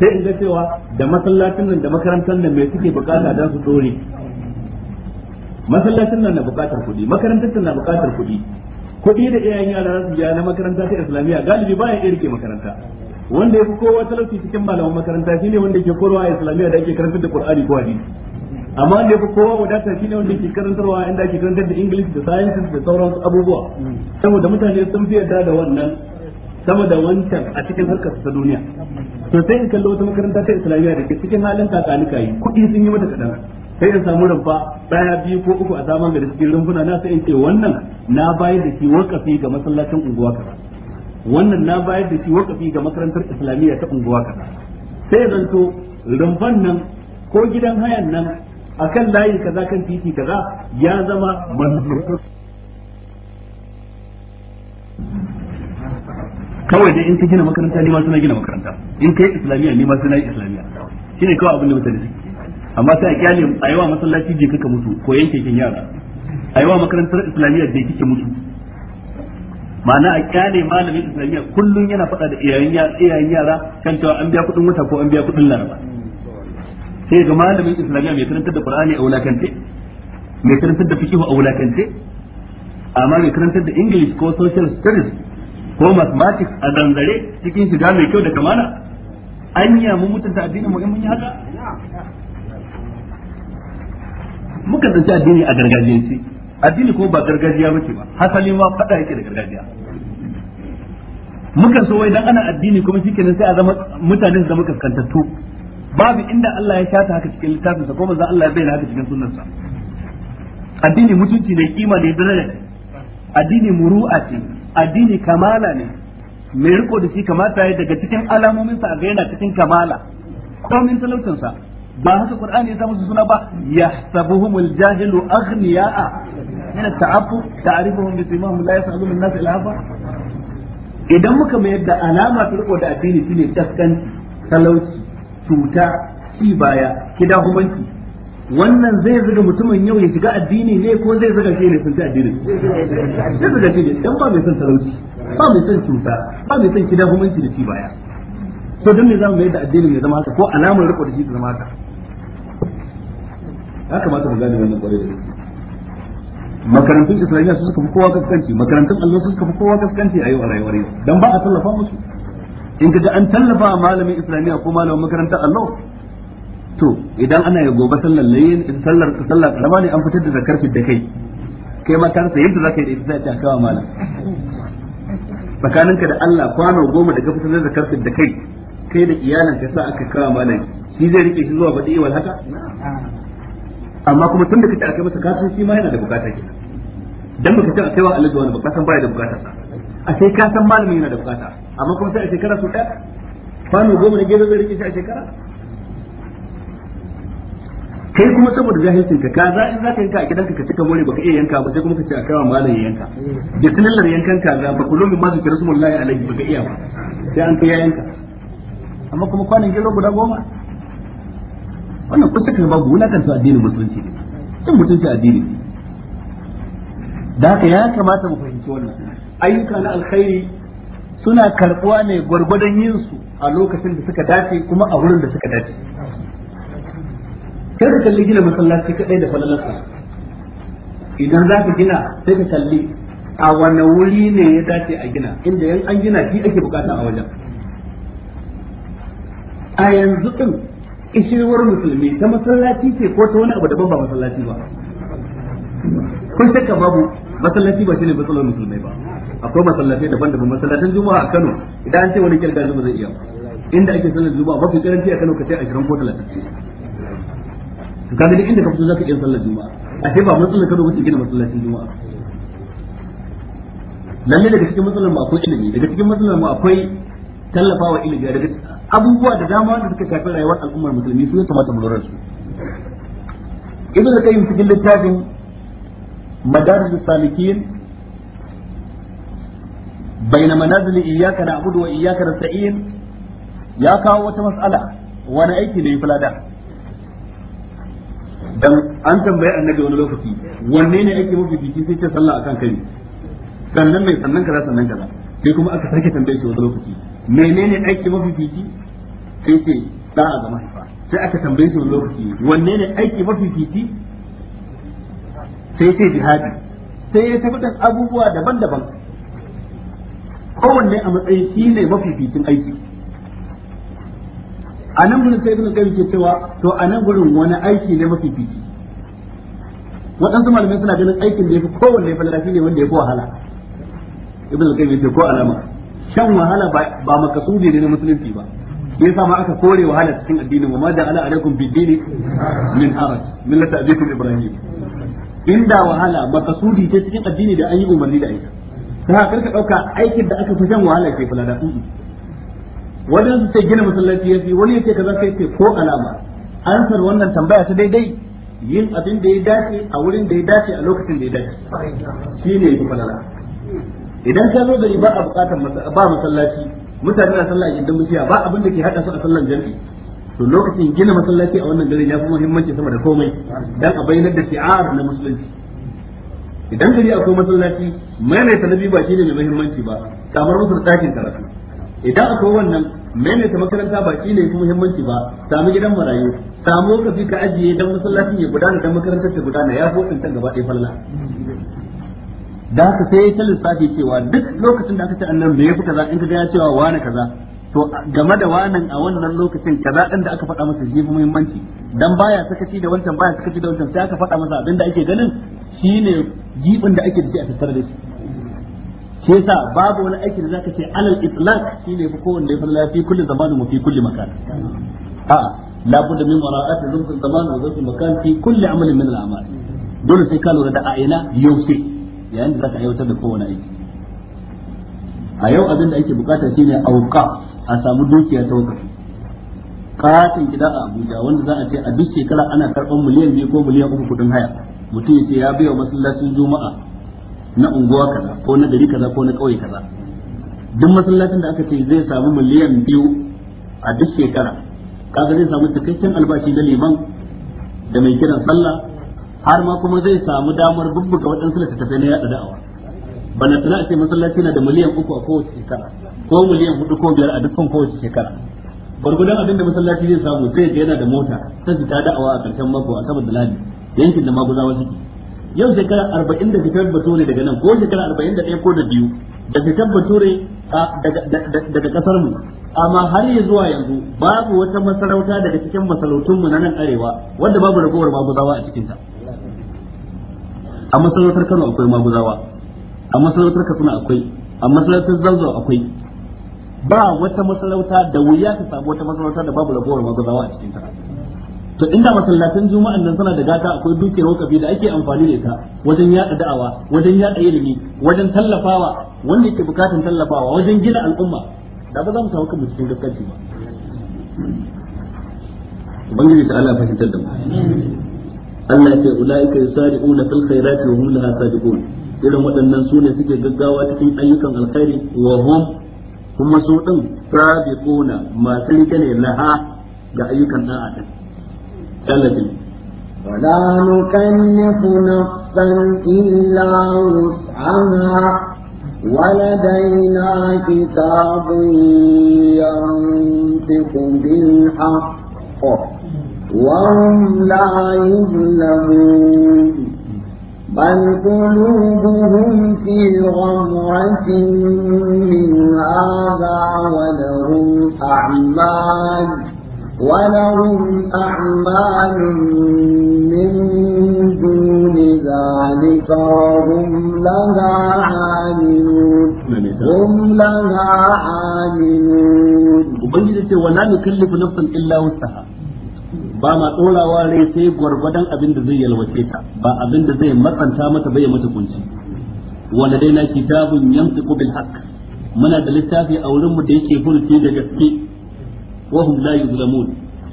sai in ga cewa da masallacin nan da makarantar nan me suke bukata dan su dore masallacin nan na bukatar kuɗi makarantar na bukatar kuɗi kuɗi da iyayen yara za su biya na makaranta ta islamiyya galibi baya iya rike makaranta wanda ya fi kowa talauci cikin malaman makaranta shine wanda ke korowa a islamiyya da ake karantar da qur'ani ko hadisi amma ne yafi kowa wadata shi ne wanda ke karantarwa inda ake karantar da english da sciences da sauran abubuwa saboda mutane sun fi yarda da wannan sama da wancan a cikin harkar ta duniya to sai in kallo wata makaranta ta islamiyya da ke cikin halin kakanika yi kuɗi sun yi mata kaɗan sai in samu rumfa ɗaya biyu ko uku a zaman gari cikin rumfuna na sai in ce wannan na bayar da shi wakafi ga masallacin unguwa kaza wannan na bayar da shi wakafi ga makarantar islamiyya ta unguwa kaza sai zanto rumfan nan ko gidan hayan nan akan layin kaza kan titi kaza ya zama manzo kawai dai in ka gina makaranta ni ma suna gina makaranta in kai islamiyya ni ma suna islamiyya shine kawai abin da mutane suke amma sai a kyale a yawa masallaci je kaka mutu ko yanke kin yara a yawa makarantar islamiyya da kike mutu ma'ana a kyale malamin islamiyya kullun yana faɗa da iyayen yara kan cewa an biya kuɗin wata ko an biya kuɗin laraba sai ga malamin islamiyya mai karantar da qur'ani a wulakance mai karantar da fiqh a wulakance amma mai karantar da english ko social studies ko mathematics a zanzare cikin shiga mai kyau da kamana. an yi mu mutunta addinin mu in mun yi haka muka tsanci addini a gargajiyance addini ko ba gargajiya bace ba hasali ma fada yake da gargajiya muka so wai dan ana addini kuma shikenan sai a zama mutane su zama kaskantattu babu inda Allah ya shata haka cikin littafinsa ko manzo Allah ya bayyana haka cikin sunnarsa addini mutunci ne kima ne daraja ne addini muru'a ce addini kamala ne mai riko da shi kamata ya daga cikin alamomin a ga yana cikin kamala komin sa ba haka qur'ani ya samu suna ba yahsabuhumul jahilu aghniya'a Yana at-ta'affu ta'rifuhum bi simahum la yas'alu min nas ilaha idan muka mayar da alama ta riko da addini shine kaskanci talauci cuta ki baya kida humanci wannan zai zuga mutumin yau ya shiga addini ne ko zai zuga shi ne sun ci addini zai zuga shi ne dan ba mai son talauci ba mai son cuta ba mai son kida humanci da ci baya to dan me zamu mai da addini ne zama haka ko alamar riko da shi zama haka ya kamata mu gane wannan kwarai da gaske makarantun islamiyya su suka fi kowa kaskanci makarantun allo su suka fi kowa kaskanci a yau a rayuwar yau dan ba a tallafa musu in kaga an tallafa malamin islamiyya ko malamin makarantar allo to idan ana ya gobe sallar layin sallar sallar karama ne an fitar da zakar da kai kai ma kansa yadda zaka yi da ita ta kawo malam tsakaninka da Allah kwano goma da ka fitar da zakar da kai kai da iyalan ka sa aka kawo malam shi zai rike shi zuwa badi wal haka amma kuma tun da kace akai masa kasu shi ma yana da bukata ke dan baka ce akai wa Allah wani bukatan baya da bukata sa a sai ka san yana da bukata amma kuma sai a shekara su ɗaya kwano goma na gero zai rike shi a shekara kai kuma saboda jahilcin ka kaza in zaka yanka a gidanka ka cika more baka iya yanka ba sai kuma ka ce a kawo malam ya yanka bismillah yankan kaza ba kullum min mazikir rasulullahi alaihi baka iya ba sai an kai ya yanka amma kuma kwanan gero guda goma wannan kusa saka babu wulakan su addinin musulunci ne cin mutunci addini ne da haka ya kamata mu fahimci wannan ayyuka na alkhairi suna karbuwa ne gwargwadon yin su a lokacin da suka dace kuma a wurin da suka dace Sai ka kalli gina masallaci kadai da falalarsa idan za ka gina sai ka kalli a wani wuri ne ya dace a gina inda yan an gina shi ake bukata a wajen a yanzu din ishirwar musulmi ta masallaci ce ko ta wani abu daban ba masallaci ba kun shakka babu masallaci ba shi ne musulmai ba akwai masallatai daban-daban masallatan juma'a a Kano idan an ce wani kirga zuba zai iya inda ake sallar juma'a mafi karanci a Kano ka ce 20 ko 30 to kaga inda ka fito zaka iya sallar juma'a ce ba matsalar Kano bace gina masallacin juma'a lalle daga cikin matsalar mu akwai ilimi daga cikin matsalar mu akwai tallafawa ilimi daga abubuwa da dama wanda suka shafi rayuwar al'ummar musulmi su ya kamata mu lura su kai qayyim cikin littafin madarij salikin baina manazili iyyaka na'budu wa iyyaka nasta'in ya kawo wata mas'ala wani aiki ne fulada dan an tambaye annabi wani lokaci wanne ne aiki mafi fiki sai ce sallah akan kai sannan mai sannan kaza sannan kaza sai kuma aka sake tambaye shi wani lokaci menene aiki mafi fiki sai ce da'a ga mahaifa sai aka tambaye shi wani lokaci wanne ne aiki mafi fiki sai ce jihadi sai ya tafi abubuwa daban-daban kowanne a matsayin shi ne mafificin aiki a nan gudun sai suna kai cewa to a nan gudun wani aiki ne mafifici waɗansu malamai suna ganin aikin da fi kowanne falala ne wanda ya fi wahala ibn qayyim ce ko alama shan wahala ba makasudi ne na musulunci ba sa ma aka kore wahala cikin addinin wa ma da alaikum bi dini min haraj millata abikum ibrahim inda wahala makasudi ce cikin addini da an yi umarni da aika ta ka ɗauka aikin da aka fi shan wahala ke fulada wajen su ce gina masallaci ya fi wani ka kaza sai ce ko alama ansar wannan tambaya ta daidai yin abin da ya dace a wurin da ya dace a lokacin da ya dace shine fi fulada idan ka zo gari ba a bukatar ba masallaci mutane na sallah gidan musiya ba abin da ke haɗa su a sallan jami'i to lokacin gina masallaci a wannan garin ya fi muhimmanci sama da komai dan a bayyana da shi'ar na musulunci idan gari akwai masallaci maimaita na biyu ba shine mai muhimmanci ba samar musu ɗakin karatu idan akwai wannan maimaita makaranta ba shine mai muhimmanci ba samu gidan marayu samu kafi ka ajiye dan masallacin ya gudana dan makarantar ta gudana ya fi ta gaba ɗaya falla da haka sai ta lissafi cewa duk lokacin da aka ce annan me ya fi kaza in ka gaya ya cewa wane kaza to game da wanan a wannan lokacin kaza ɗin da aka faɗa masa shi muhimmanci dan baya sakaci da wancan baya sakaci da wancan sai aka faɗa masa abinda ake ganin shine gibin da ake da a tattare da shi shi yasa babu wani aiki da zaka ce alal itlaq shine fa kowanne ya falla fi kulli zamanin wa fi kulli makan a la budda min mara'at zumk zaman wa zumk makan fi kulli amalin min al-a'mal dole sai ka lura da aina yaushe yayin da zaka aiwatar da kowanne aiki a yau abin da ake bukata shine auqa a samu dukiya ta wakafi katin gida a Abuja wanda za a ce a duk shekara ana karban miliyan biyu ko miliyan uku kudin haya mutum ya ce ya biya wa masallacin juma'a na unguwa kaza ko na gari kaza ko na ƙauye kaza duk masallacin da aka ce zai samu miliyan biyu a duk shekara kaga zai samu cikakken albashi da liman da mai kiran sallah har ma kuma zai samu damar bubbuga waɗansu tafi na yaɗa da'awa bana tana ce masallaci na da miliyan uku a kowace shekara ko miliyan hudu ko biyar a dukkan kowace shekara gwargwadon abin da masallaci zai samu sai ga yana da mota ta fita da'awa a ƙarshen mako a saboda lami yankin da maguzawa suke yau shekara arba'in da fitar bature daga nan ko shekara arba'in da ɗaya ko da biyu da fitar bature daga ƙasar mu amma har yi zuwa yanzu babu wata masarauta daga cikin masarautun mu na nan arewa wanda babu ragowar maguzawa a cikinta a masarautar kano akwai maguzawa a masarautar katsina akwai a masarautar zanzo akwai ba wata masarauta da wuya ta samu wata masarauta da babu ragowar maguzawa a cikinta to inda masallatan juma'an nan suna da gata akwai dukiyar wakafi da ake amfani da ita wajen yada da'awa wajen yada ilimi wajen tallafawa wanda yake bukatun tallafawa wajen gina al'umma da ba za mu samu kanmu cikin gaskanci ba ubangiji ta Allah fahimtar da mu Allah ya ce ulaika yusari'una fil khairati wa hum laha sadiqun irin waɗannan su ne suke gaggawa cikin ayyukan alkhairi wa hum kuma su din sadiquna masu rike ne laha ga ayyukan da'a ولا نكلف نفسا إلا وسعها ولدينا كتاب ينطق بالحق وهم لا يظلمون بل قلوبهم في غمرة من هذا ولهم أعمال ولهم أعمال من دون ذلك وهم لها عاملون هم لها عاملون وبنجد ولا نكلف نفسا إلا وسعها ba ma ɗorawa rai sai gwargwadon abin da zai yalwace ta ba abin da zai matsanta mata bai mata kunci wanda dai na kitabun yanzu bil haqq muna da littafi a wurinmu da yake furuci da gaske wa hum la yuzlamun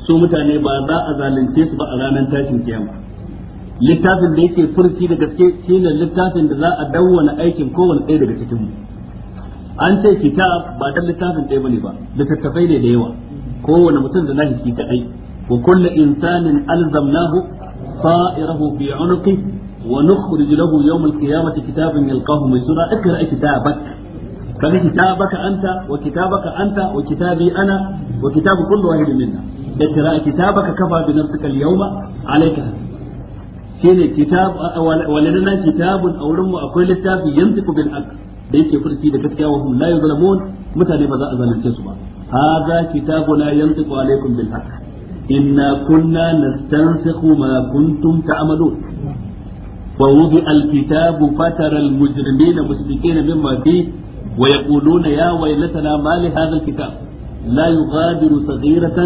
su mutane ba za a zalunce su ba a ranar tashin kiyama littafin da yake furci da gaske shine littafin da za a dawwana aikin kowanne ɗaya daga cikin mu an ce kitab ba dan littafin ɗaya bane ba littattafai ne da yawa kowane mutum da nashi shi kadai Ku kulle insanin alzamnahu ta'irahu fi 'unuqi wa nukhrij lahu yawm al-qiyamati kitaban yalqahu maysura ikra kitabak kaga kitabaka anta wa kitabaka anta wa kitabi ana wa kitabu kullu wahidin minna ikra kitabaka kafa bi nafsika al-yawma alayka shine kitab walana kitabun a wurin mu akwai littafi yantiqu bil haqq da yake furci da gaskiya wa hum la yuzlamun mutane ba za a zalunce su ba hadha kitabuna yantiqu alaykum bil haqq inna kunna nastansikhu ma kuntum ta'malun ووضع الكتاب فترى المجرمين مشركين مما فيه ويقولون يا ويلتنا ما لهذا الكتاب لا يغادر صغيرة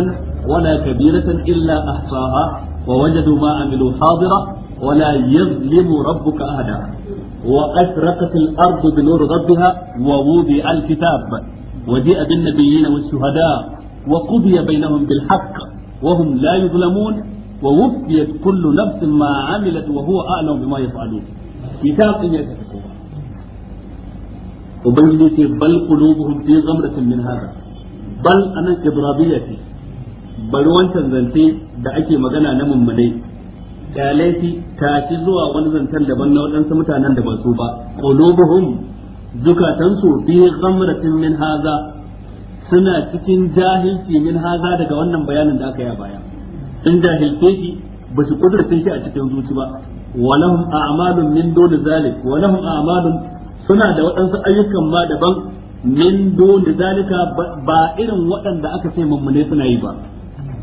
ولا كبيرة إلا أحصاها ووجدوا ما عملوا حاضرة ولا يظلم ربك أحدا وأشرقت الأرض بنور ربها ووضع الكتاب وجيء بالنبيين والشهداء وقضي بينهم بالحق وهم لا يظلمون ووفيت كل نفس ما عملت وهو أعلم بما يفعلون كتاب ubangiji ce bal qulubuhum fi ghamratin min hada bal anan ibrabiyya ce bari wancan zance da ake magana na mummunai kyalai shi zuwa wani zancen daban na waɗansu mutanen da ba su ba qulubuhum zukatansu fi ghamratin min hada suna cikin jahilci min haza daga wannan bayanin da aka yi a baya sun jahilce shi ba su kudurce shi a cikin zuci ba walahum a'malun min dole zalik walahum a'malun suna da waɗansu ayyukan ma daban min da zalika ba irin waɗanda aka ce mummune suna yi ba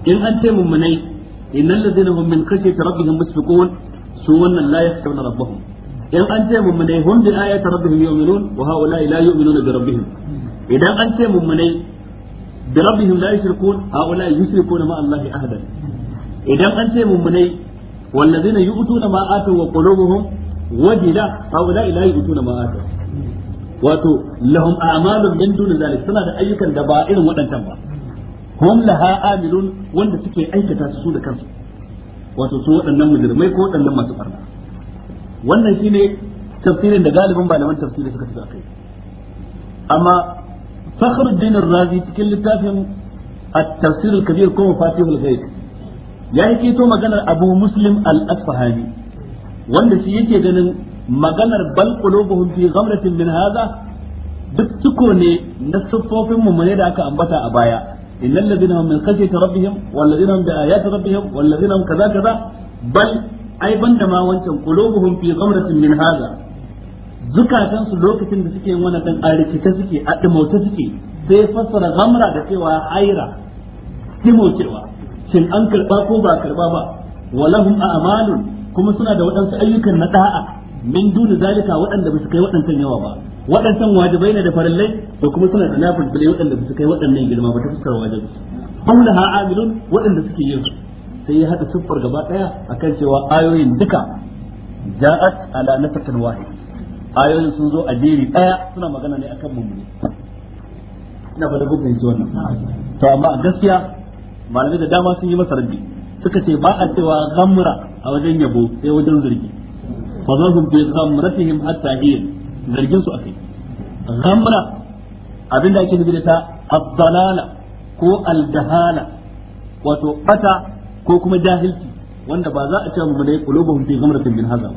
in an ce mummune innal ladzina hum min khashyati rabbihim mushfiqun su wannan la yakhshawna rabbahum in an ce mummune hum bi ayati rabbihim yu'minun wa haula la yu'minuna bi rabbihim idan an ce mummune bi rabbihim la yushrikun haula yushrikuna ma allahi ahada idan an ce mummune wallazina yu'tuna ma atu wa qulubuhum wajila haula la yu'tuna ma atu wato lahum a'malun min dun zalik suna da ayyukan da ba irin waɗancan ba hum laha amilun wanda suke aikata su da kansu wato su waɗannan mujrimai ko waɗannan masu barna wannan shine tafsirin da galibin malaman tafsiri suka shiga kai amma Fakhruddin Razi cikin littafin at-tafsir al-kabir ko al ghaib ya yi kito maganar Abu Muslim al-Asfahani wanda shi yake ganin maganar ban qulubuhum fi ghamratin min hadha duk ciko ne na siffofin mummune da aka ambata a baya innal ladina hum min khashyati rabbihim wal ladina hum bi ayati rabbihim wal ladina hum kaza kaza bal ai da ma wancan qulubuhum fi ghamratin min hadha zukatan su lokacin da suke yin wannan dan arikita suke a dumauta suke sai fassara ghamra da cewa haira dimaucewa shin an karba ko ba karba ba walahum a'malun kuma suna da waɗansu ayyukan na da'a min duni zalika waɗanda ba su kai waɗancan yawa ba waɗancan wajibai ne da farallai da kuma suna da nafil bilai waɗanda ba su kai waɗannan girma ba ta fuskar wajibi ha amilun waɗanda suke yin sai ya hada siffar gaba daya akan cewa ayoyin duka ja'at ala nafatin wahid ayoyin sun zo a jeri daya suna magana ne akan mummuni ina ba da gubin zuwa wannan to amma gaskiya malamai da dama sun yi masa rabbi suka ce ba a cewa gamra a wajen yabo sai wajen zargi fa zahum bi ghamratihim hatta hin zargin su akai ghamra abinda ake nufi da ta ad-dalala ko al-jahala wato bata ko kuma jahilci wanda ba za a ce mu dai qulubuhum fi ghamratin min hadha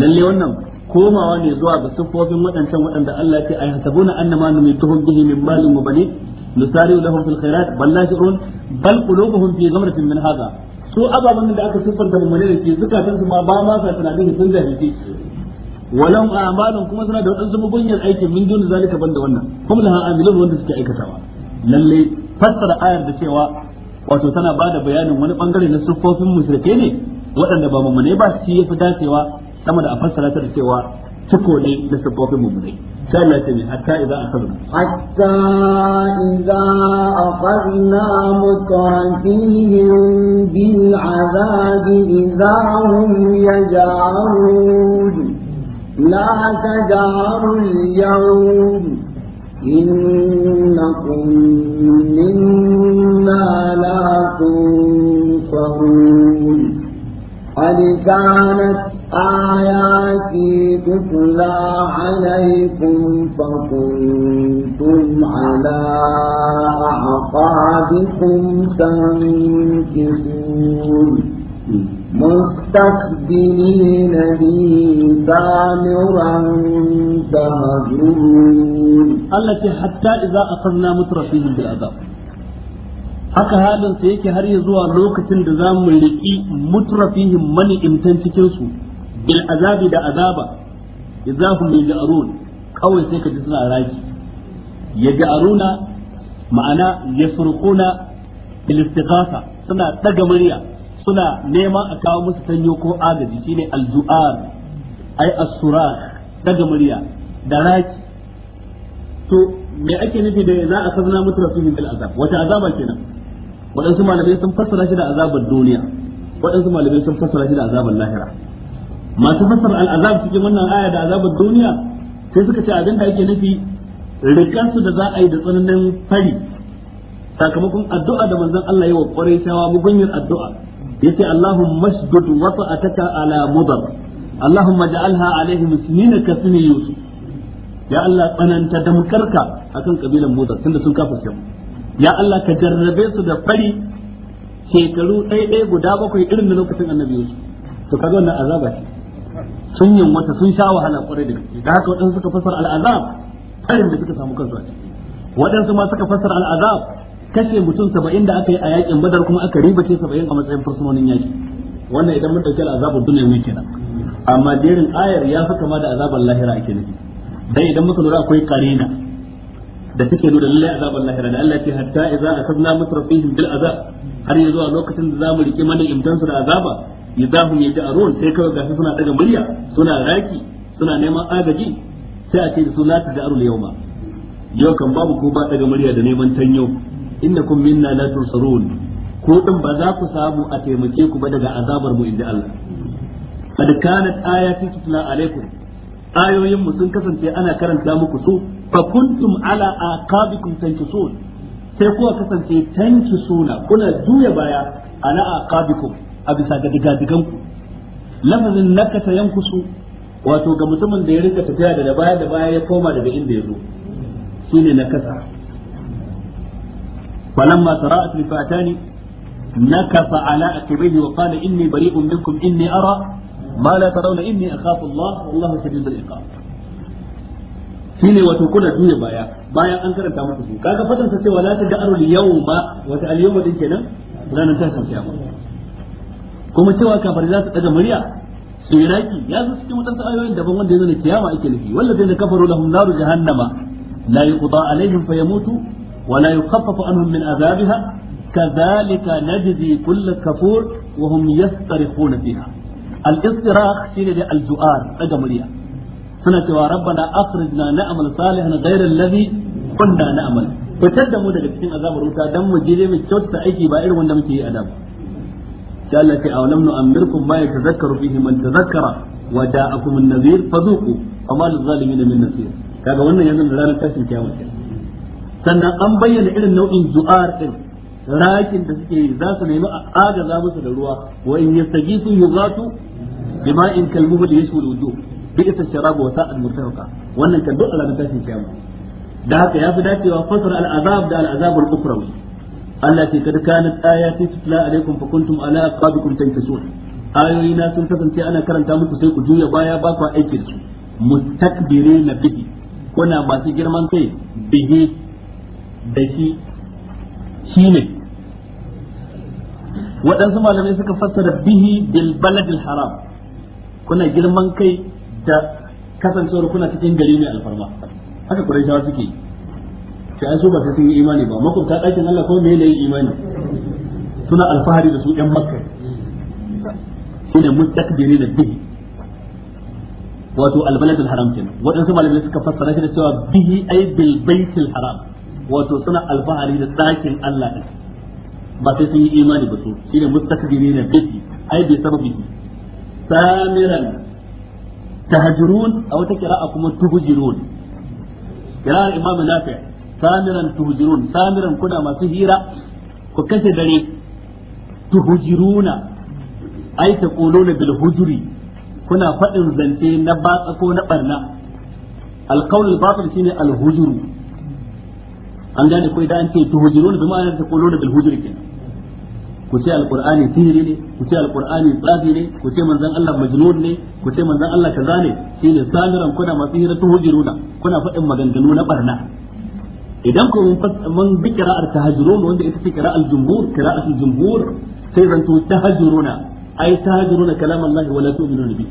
lalle wannan komawa ne zuwa ga siffofin waɗancan waɗanda Allah ya ce ay hasabuna annama numituhum bihi min malin wa banin nusari lahum fil khairat bal la bal qulubuhum fi min hadha su ababen da aka siffanta mummune da ke zukatan su ma ba ma sa tunanin sun jahilce walam a'malun kuma suna da wadansu mugunyar aikin min dun zalika banda wannan kuma laha amilun wanda suke aikatawa lalle fassara ayar da cewa wato tana bada bayanin wani bangare na siffofin mushrike ne waɗanda ba mummune ba shi fi dacewa sama da a fassara ta da cewa تكوني ne da sabbobin mummunai كما حتى إذا أخذنا حتى إذا أخذنا مترفيهم بالعذاب إذا هم يجعلون لا تجعلوا اليوم إنكم منا لا تنصرون قد كانت آياتي تتلى عليكم فكنتم على أعقابكم تنكسون مستكبرين به سامرا تهجرون التي حتى إذا أخذنا مترفين بالعذاب haka halin sa yake har ya zuwa lokacin da za mu riƙi mutrafihim mani imtan cikin su bil azabi da azaba idahum yaj'arun kawai sai ka ji suna raki yaj'aruna ma'ana ya surkuna bil istighatha suna daga murya suna nema a kawo musu sanyo ko agaji shine aljuar ai as-surah daga murya da raki to me ake nufi da za a sabna mutu rasulun bil azab wata azaba kenan waɗansu malamai sun fassara shi da azabar duniya waɗansu malamai sun fassara shi da azabar lahira masu fassara al'azab cikin wannan aya da azabar duniya sai suka ce abin da ake nufi rikansu da za a yi da tsananin fari sakamakon addu'a da manzon Allah yi wa kwarai shawa bugunyar addu'a yace Allahumma shdud wata'ataka ala mudar Allahumma ja'alha alaihim sinina kasmi yusuf ya Allah tsananta damkarka akan kabilan mudar tunda sun kafirce mu ya Allah ka jarrabe su da fari shekaru ɗaya ɗaya guda bakwai irin da lokacin annabi yusuf to kaga wannan azaba ce sun wata sun sha wahala kwarai da gaske da haka waɗansu suka fassara al'azab tsarin da suka samu kansu a ciki waɗansu ma suka fassara al'azab kashe mutum saba'in da aka yi a yakin badar kuma aka riba ce saba'in a matsayin fursunonin yaki wannan idan mun ɗauki al'azabun duniyawi kenan amma jerin ayar ya fi kama da azabar lahira ake nufi dai idan muka lura akwai karina da take nuna lallai azabar lahira da Allah ya ce hatta idza akhadna mutrafihim bil azab har yanzu a lokacin da zamu rike mana imtansu da azaba idahum yaj'arun sai kawai gashi suna daga murya suna raki suna neman agaji sai a ce da su la taj'arul yawma yau kan babu ko ba daga murya da neman tanyo innakum minna la tursarun ko din ba za ku samu a taimake ku ba daga azabar mu inda Allah kad kanat ayati tutla alaikum ayoyin mu sun kasance ana karanta muku su fa kuntum ala aqabikum tankisun sai kuwa kasance tankisuna kuna juya baya ala aqabikum a bisa ga digadigan ku lafazin nakasa yankusu wato ga mutumin da ya rika tafiya da baya da baya ya koma daga inda ya zo shine nakasa falamma tara'at lifatani نكف على عقبيه وقال إني بريء منكم إني أرى ما لا ترون إني أخاف الله والله شديد العقاب shine wato kuna juya baya bayan an karanta maka su kaga fatan sa cewa la taj'alu al-yawma wa al-yawma din kenan ranar tashin kiyama kuma cewa kafare za su daga murya su yi raki ya zo cikin wadansu ayoyin daban wanda ya zo ne kiyama ake nufi wallazina kafaru lahum naru jahannama la yuqda alaihim fayamutu wa la yukhaffafu anhum min azabiha كذلك نجزي كل كفور وهم يسترخون shine da al الجؤار daga murya suna cewa rabbana akhrijna na'mal salihan ghayra alladhi kunna na'mal fitar da mu daga cikin azabar wuta dan mu je mu kyautata aiki ba irin wanda muke yi a da sai Allah ce aw lam nu'ammirkum ma yatazakkaru fihi man tazakkara wa ja'akum an-nadhir fadhuqu amma lil-zalimin min nasir kaga wannan yanzu da ranar tashin kiyama ce sannan an bayyana irin nau'in du'ar din rakin da suke yi za su nemi agaza musu da ruwa wa in yastajisu yughatu bima'in kalmuhu yashwil wujuh bi'sa sharabu wa sa'ad murtafaqa wannan kan da haka ya fi dacewa fasara al'azab da al'azabul ukrawi Allah ce kad kanat ayati tutla alaikum fa kuntum ala aqabikum ayoyi na sun kasance ana karanta muku sai ku juya baya ba ku aiki su mustakbirina bihi kuna masu girman kai bihi da shi shine waɗansu malamai suka fassara bihi bil baladil haram kuna girman kai da kasancewar kuna cikin gari mai alfarma haka kuraishawa suke yi sai an so ba sai sun yi imani ba makwabta ɗakin Allah ko me ne yin imani suna alfahari da su ɗan makka shine da bihi wato haram waɗansu malamai suka fassara shi da cewa bihi bil baitil haram wato suna alfahari da ɗakin Allah ba sai sun yi imani ba su shine da bihi bi samiran aw imam nafi' samiran tuhjirun samiran kuna masu hira ku kashe dare tuhjiruna ai ta quluna bil hujuri kuna fadin zance na batsa ko na barna al qawl batil shine al hujuru an gane ko idan an ce tuhjiruna bi ma'ana ta quluna bil hujuri kenan ku ce alqur'ani sihiri ne ku ce alqur'ani tsafi ne ku ce manzon Allah majnun ne ku ce manzon Allah kaza ne shine samiran kuna masu hira tuhjiruna kuna fadin maganganu na barna idan ko mun mun bi qira'ar tahajjurun wanda ita ce qira'al jumhur qira'atul jumhur sai zan zanto tahajjuruna ai tahajjuruna kalam Allah wala tu'minuna bi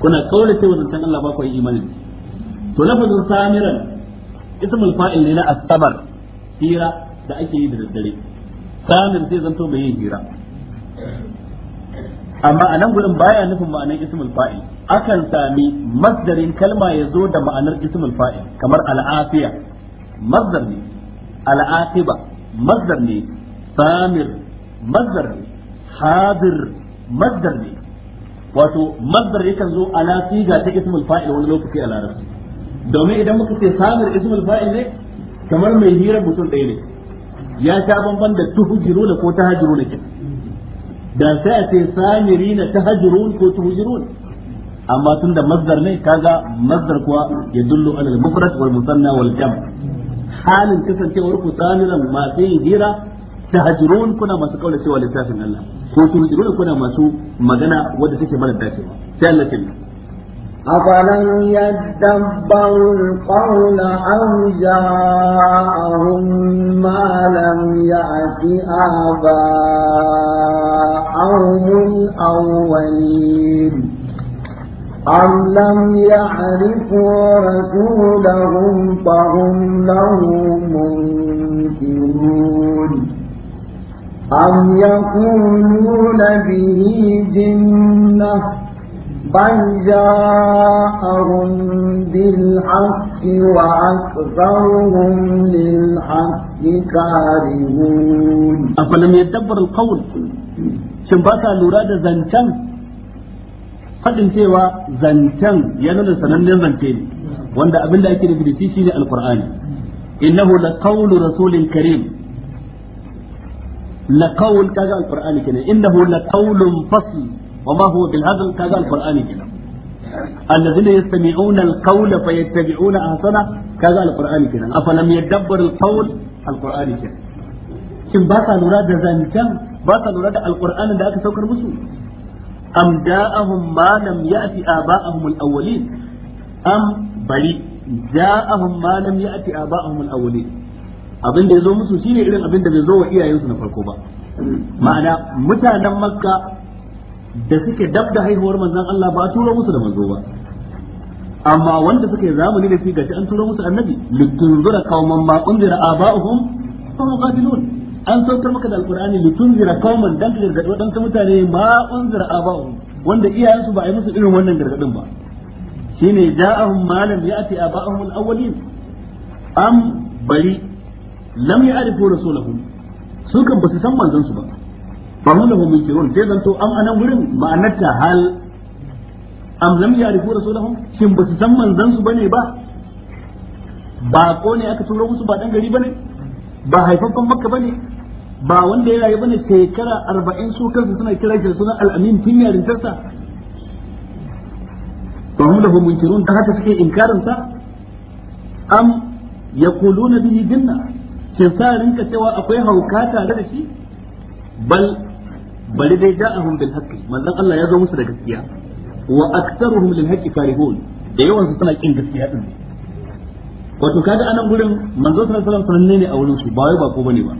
kuna kaulace wa zantan Allah ba ku yi imani to lafazin samiran ismul fa'il ne na asabar hira da ake yi da daddare samir sai zan to bai yi hira amma a nan gurin baya nufin ma'anar ismul fa'il akan sami masdarin kalma ya zo da ma'anar ismul fa'il kamar al'afiya mazdar ne al'aqiba mazdar ne samir mazdar ne hadir mazdar ne wato mazdar yakan zo ala siga ta ismul fa'il wani lokaci a larabci domin idan muka ce samir ismul fa'il ne kamar mai hirar mutum ɗaya ne ya sha bamban da tuhujiruna ko tahajiruna kin da sai a ce samirina tahajirun ko tuhujirun amma tun da mazdar ne ga mazdar kuwa ya dullu alal mufrad wal musanna wal jam' halin kasancewar ku tsamiran masu yin hira ta hajirun kuna masu kaula cewa littafin Allah ko su hajirun kuna masu magana wadda take mara dacewa sai Allah ke nuna أفلم يدبروا القول أو جاءهم ما لم يأت آباءهم الأولين أم لم يعرفوا رسولهم فهم له منكرون أم يقولون به جنة بل جاءهم بالحق وأكثرهم للحق كارهون أفلم يدبر القول شنبات لوراد زنشان Faɗin cewa zancen ya nuna sanannen zance ne wanda abinda ake nufi da shi shine alqur'ani innahu laqawlu rasulin karim laqawl kaga alqur'ani kenan innahu laqawlun fasl wa ma huwa bil hadl kaga alqur'ani kenan alladhina yastami'una alqawla fayattabi'una ahsana kaga alqur'ani kenan afalam yadabbaru alqawl alqur'ani kenan shin ba sa lura da zancen ba sa lura da alqur'anin da aka saukar musu am da'ahum ma lam ya'ti aba'ahum al-awwalin am bari ja'ahum ma lam ya'ti aba'ahum al-awwalin abin da ya zo musu shine irin abin da bai zo wa iyayensu na farko ba ma'ana mutanen makka da suke dab da haihuwar manzon Allah ba a turo musu da manzo ba amma wanda suke yi zamani da shi gashi an turo musu annabi litunzura qauman ma unzira aba'uhum fa muqatilun an saukar maka da alqur'ani litunzira qauman dan ka gargado dan mutane ma unzira aba'u wanda iyayensu ba a yi musu irin wannan gargadin ba shine ja'ahum ma lam ya'ti aba'ahum al-awwalin am bari lam ya'rifu rasulahum su kan basu san manzon su ba mun fa hum lahum munkirun sai zanto am anan wurin ma'anarta hal am lam ya'rifu rasulahum shin basu san manzon su bane ba ba ko ne aka turo musu ba dan gari bane ba haifaffen makka bane ba wanda ya rayu bane shekara arba'in su kansu suna kira shi sunan al'amin tun yarintarsa to hum lahu munkirun da haka suke inkarin sa am yaquluna bihi jinna Ke sa rinka cewa akwai hauka tare da shi bal bali dai ja'ahum bil haqqi manzon Allah ya zo musu da gaskiya wa aktsaruhum lil haqqi karihun da yawan su suna kin gaskiya din wato kaga anan gurin manzon sallallahu alaihi wasallam sananne ne a wurin su ba wai ba ko bane ba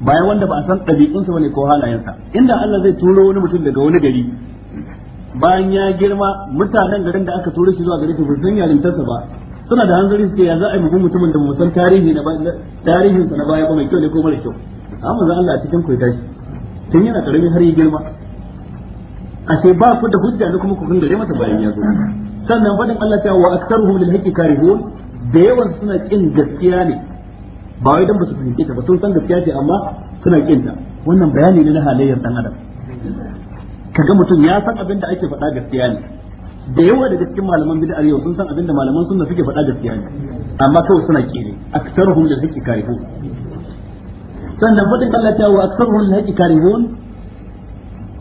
Bayan wanda ba a san ɗabi'unsa bane ko halayensa inda Allah zai turo wani mutum daga wani gari bayan ya girma mutanen garin da aka turo shi zuwa gari to ba san yarintarsa ba suna da hanzari suke ya za a yi mugun mutumin da mu san tarihi na na baya ba mai kyau ne ko mara kyau amma zan Allah a cikin ku tashi tun yana karami har yi girma ashe ba ku da hujja ne kuma ku kun gare mata bayan ya zo sannan faɗin Allah ta wa aktaruhum lil haqqi karihun da yawan suna kin gaskiya ne ba wai dan ba su fahimce ta ba sun san gaskiya ce amma suna kinta wannan bayani ne na halayyar dan adam kaga mutum ya san abin da ake faɗa gaskiya ne da yawa daga cikin malaman bid'ar yau sun san abin da malaman sunna suke faɗa gaskiya ne amma kawai suna kire aktsaruhum da suke karihu sannan fadin Allah ta wa aktsaruhum da suke karihun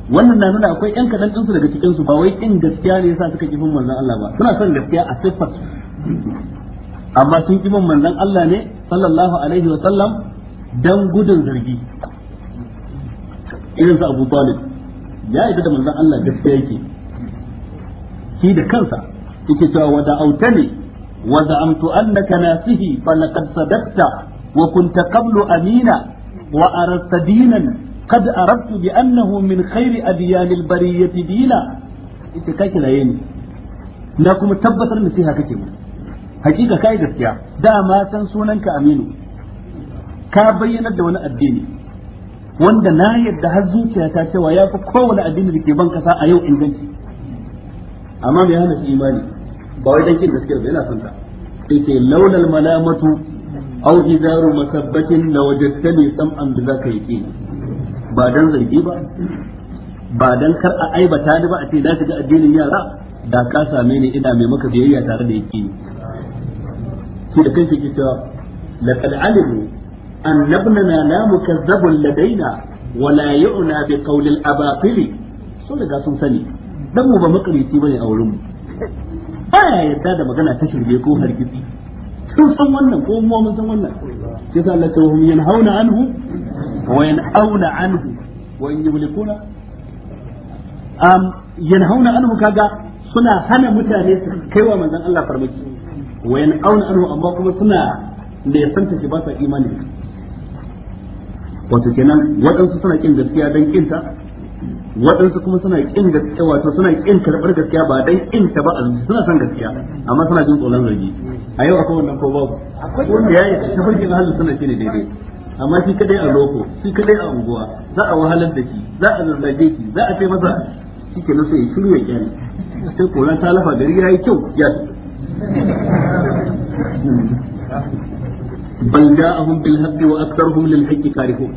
wannan na nuna akwai yan kadan din su daga cikin su ba wai kin gaskiya ne yasa suka kifin manzon Allah ba suna son gaskiya a siffar amma sun ki bin manzon Allah ne sallallahu alaihi wa sallam dan gudun zargi irin sa Abu Talib ya ita da manzon Allah gaskiya yake shi da kansa yake cewa wada autani wa za'amtu annaka nasihi fa laqad sadaqta wa kunta qablu amina wa aradta dinan qad aradtu bi annahu min khairi adyan al bariyati dina ita kake laye ni na kuma tabbatar nasiha kake mu hakika kai gaskiya da ma san sunanka aminu ka bayyanar da wani addini wanda na yadda har zuciya ta cewa yafi fi kowane addini da ke ban kasa a yau inganci amma mai hana shi imani ba wai dan kin gaskiyar yana son ta laulal malamatu aw idaru masabbatin la wajadtani sam'an da zaka yaqin ba dan zargi ba ba dan kar a aibata ni ba a ce ka ga addinin yara da ka same ni ina mai maka biyayya tare da yake shi da kansa cewa laqad alimu an nabnana la mukazzabun ladaina wa la yu'na bi qawli al-abatil sun sun sani dan mu ba makarici bane a wurin mu da magana ta shirye ko sun san wannan ko mu mun san wannan Allah ta yanhauna anhu wa anhu wa am yanhauna anhu kaga suna hana mutane su kaiwa manzon Allah farmaki Wayan auna anhu amma kuma suna da yasanta shi ba sa imani wato kenan waɗansu suna kin gaskiya dan kinta waɗansu kuma suna kin gaskiya wato suna kin karɓar gaskiya ba dan kinta ba a suna son gaskiya amma suna jin tsoron zargi a yau akwai wannan ko babu wanda yayi tafarkin ahlus sunna shine daidai amma shi kadai a loko shi kadai a unguwa za a wahalar da shi za a zazzage shi za a kai masa shi ke nasa ya shirya kyani sai koran ta lafa gari ya yi kyau ya bal ja'ahum bil haqqi wa aktharuhum lil haqqi karihun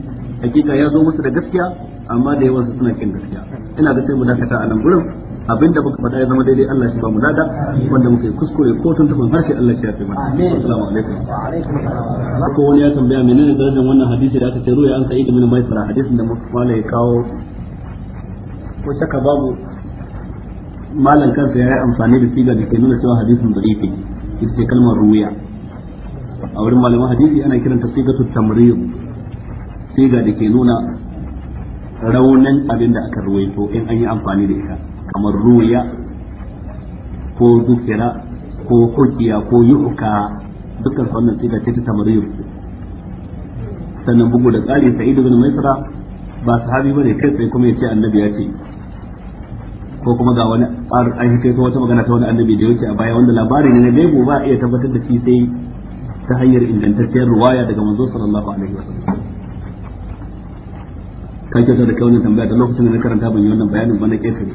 hakika ya zo musu da gaskiya amma da yawan su suna kin gaskiya ina da sai mu dakata a nan gurin abinda muka faɗa ya zama daidai Allah shi ba mu nada wanda muka yi kuskure ko tun tafin harshe Allah shi ya fi mana assalamu alaikum ko wani ya tambaya menene darajar wannan hadisi da aka ce ruya an sa'id min maisara hadisin da muka ya kawo ko shaka babu malam kansa ya yi amfani da siga da ke nuna cewa hadisin da ita ce kalmar ruwiya a wurin malaman hadisi ana kiranta su tamriyu siga da ke nuna raunin abin da aka ruwaito in an yi amfani da ita kamar ruwiya ko zukira ko hukiya ko yu'ka dukkan wannan siga ce ta tamriyu sannan bugu da tsari sa'idu bin maisra ba sahabi bane kai sai kuma ce annabi ya ce ko kuma ga wani an kai wata magana ta wani annabi da yake a baya wanda labari ne na gaibu ba iya tabbatar da shi sai ta hanyar ingantacciyar ruwaya daga manzo sallallahu alaihi wa sallam kan kyautar da kaunin tambaya da lokacin da na karanta ban yi wannan bayanin ba na ne.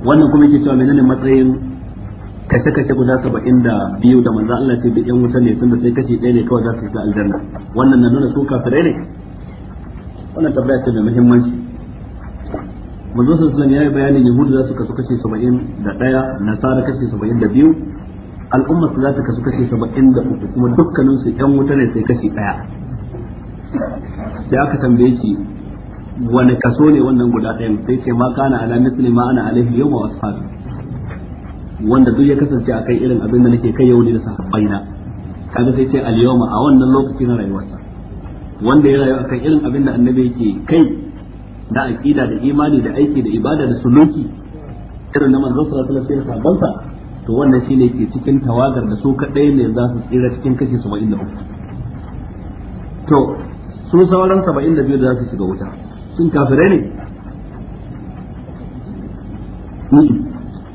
wannan kuma yake cewa menene matsayin kashe-kashe guda saba'in da biyu da manzo Allah ce da yan wuta ne tunda sai kashi ɗaya ne kawai za su shiga aljanna wannan na nuna su kafirai ne wannan tambaya ce mai muhimmanci manzo sallallahu alaihi ya yi bayanin yahudu za su kasu kashe 71 nasara kashe 72 al'umma su za ta kasu kashe 73 kuma dukkanin su yan wuta ne sai kashe daya sai aka tambaye shi wani kaso ne wannan guda ɗayan sai ce ma kana ala misli ma ana alaihi yawma wa ashabi wanda duk ya kasance akai irin abin da nake kai yau ne da na, kaga sai ce al yawma a wannan lokacin rayuwarsa wanda ya rayu akan irin abin da annabi yake kai da aqida da imani da aiki da ibada da suluki irin na manzon sallallahu alaihi wasallam sai sabansa to wannan shine ke cikin tawagar da su kadai ne za su tsira cikin kashi 73 to su sauran 72 da za su shiga wuta sun kafirai ne hmm,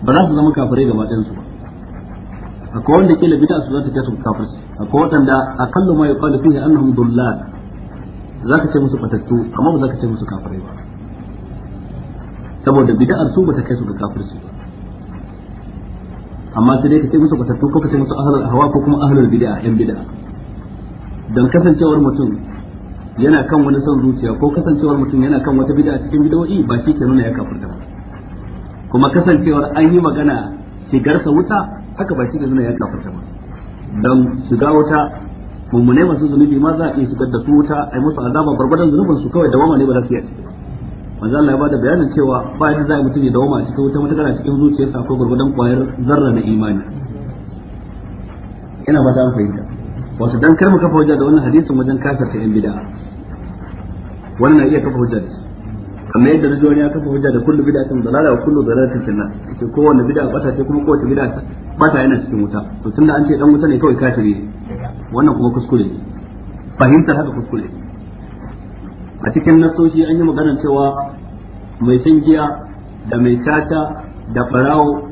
ba za su zama kafirai gaba ɗayansu ba akwai wanda kila bid'a su za ta kai su kafirci akwai waɗanda kallon ma yuqalu fihi annahum dullal Za ka ce musu fatattu amma ba za ka ce musu kafirai ba saboda bid'ar su ta kai su ga kafirci ba amma sai dai ka ce musu fatattu ko ka ce musu ahlul hawa ko kuma ahlul bid'a yan bid'a dan kasancewar mutum yana kan wani son zuciya ko kasancewar mutum yana kan wata bid'a cikin bid'o'i ba shi ke nuna ya kafirta ba kuma kasancewar an yi magana shigarsa wuta haka ba shi ke nuna ya kafirta ba don shiga wuta mummune masu zunubi ma za a iya shigar da su wuta ai musu azaba barbadan zunubin su kawai dawama ne ba za su yi manzo Allah ya bada bayanin cewa ba yadda za a yi mutum ya dawama a cikin wuta matakala cikin zuciyarsa akwai barbadan kwayar zarra na imani ina ba ta fahimta wato dan kar mu kafa hujja da wannan hadisin wajen ta yan bid'a wannan iya kafa hujja da su. kamar yadda na ya kafa hujja da kullu bid'atin dalala wa kullu dalalatin finnar ce kowanne bid'a bata ce kuma kowace bid'a bata yana cikin wuta to tunda an ce dan wuta ne kawai kafiri ne wannan kuma kuskure ne fahimtar haka kuskure a cikin nasoshi an yi maganar cewa mai shan giya da mai caca da barawo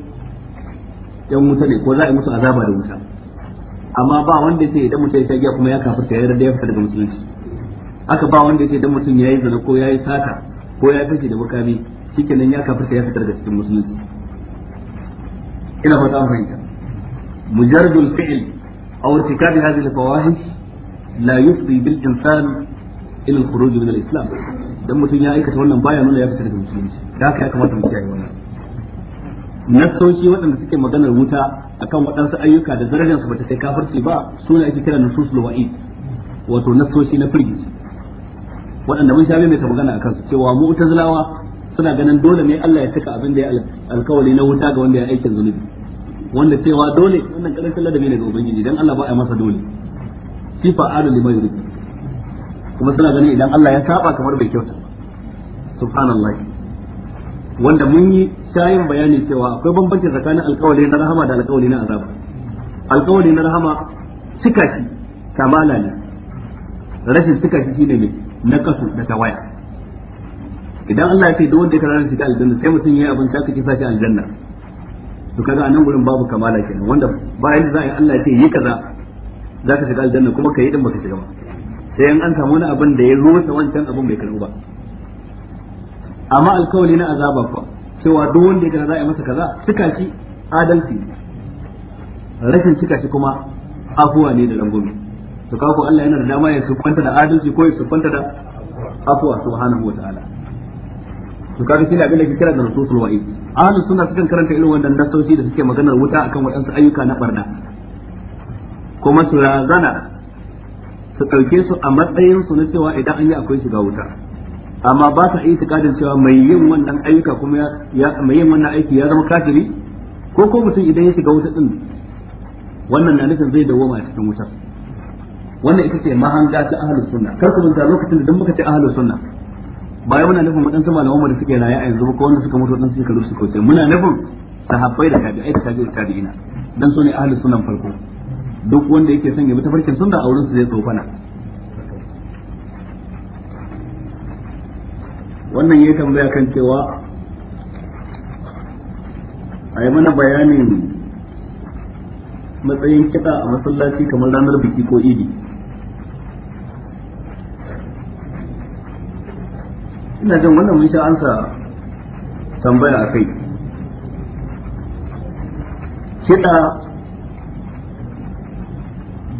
yan wuta ne ko za a yi musu azaba da wuta amma ba wanda ce idan mutum ya sha giya kuma ya kafa ta yarda ya fita daga musulunci aka ba wanda ce idan mutum ya yi zana ko ya yi sata ko ya fashe da makami nan ya ta ya fita daga cikin musulunci ina fata fahimta mujarrad fil أو ارتكاب هذه الفواحش لا يفضي بالإنسان إلى الخروج من الإسلام dan mutum ya aikata wannan baya nuna ya fita daga musulunci da haka ya kamata mu kiyaye wannan nassoshi waɗanda suke maganar wuta akan waɗansu ayyuka da darajar su bata kai kafirci ba su ne ake kira nususul wa'id wato nassoshi na firgici waɗanda mun sha mai ta magana akan su cewa mu'tazilawa suna ganin dole ne Allah ya saka abin da ya na wuta ga wanda ya aikin zunubi wanda cewa dole wannan karancin ladabi ne ga ubangiji dan Allah ba ya masa dole shi alu lima yurid kuma suna ganin idan Allah ya saba kamar bai kyauta subhanallah wanda mun yi shayin bayani cewa akwai bambanci tsakanin alƙawali na rahama da alƙawali na azaba alƙawali na rahama cika shi kamala ne rashin cika shi shine ne na kasu da tawaya idan Allah ya ce duk wanda ya karanta shi aljanna sai mutum yayi abin da aka kisa shi aljanna to kaga a nan gurin babu kamala kenan wanda bayan za a yi Allah ce yi kaza za ka shiga aljanna kuma ka yi din baka shiga ba sai an samu wani abin da ya rusa wancan abin bai karbu ba amma alkawali na azaba fa cewa duk wanda ya kaza za a yi masa kaza suka shi adalci rashin cika shi kuma afuwa ne da rangumi to kawo Allah yana da dama ya su kwanta da adalci ko ya su kwanta da afuwa subhanahu wataala to kaga shine abin da ke kira da nasusul wa'i ahli sunna sukan karanta irin wannan nasoshi da suke maganar wuta akan waɗansu ayyuka na barna kuma su razana su ɗauke su a matsayin su na cewa idan an yi akwai shiga wuta amma ba ta yi tikadin cewa mai yin wannan ayyuka kuma ya mai yin wannan aiki ya zama kafiri ko ko mutum idan ya shiga wuta din wannan na nufin zai dawo ma cikin wutar wannan ita ce mahanga ta ahlus sunna kar ku lokacin da duk muka ce ahlus sunna bayan muna nufin waɗansu malaman da suke raye a yanzu ko wanda suka mutu waɗansu shekaru su kauce muna nufin sahabbai da tabi'ai da tabi'u tabi'ina dan su ne sunan farko duk wanda yake son ya bi tafarkin sunna a wurin su zai tsofana wannan ya tambaya kan cewa a yi mana bayanin matsayin kiɗa a masallaci kamar ranar biki ko idi ina jin wannan mun sha ansa tambaya a kai kiɗa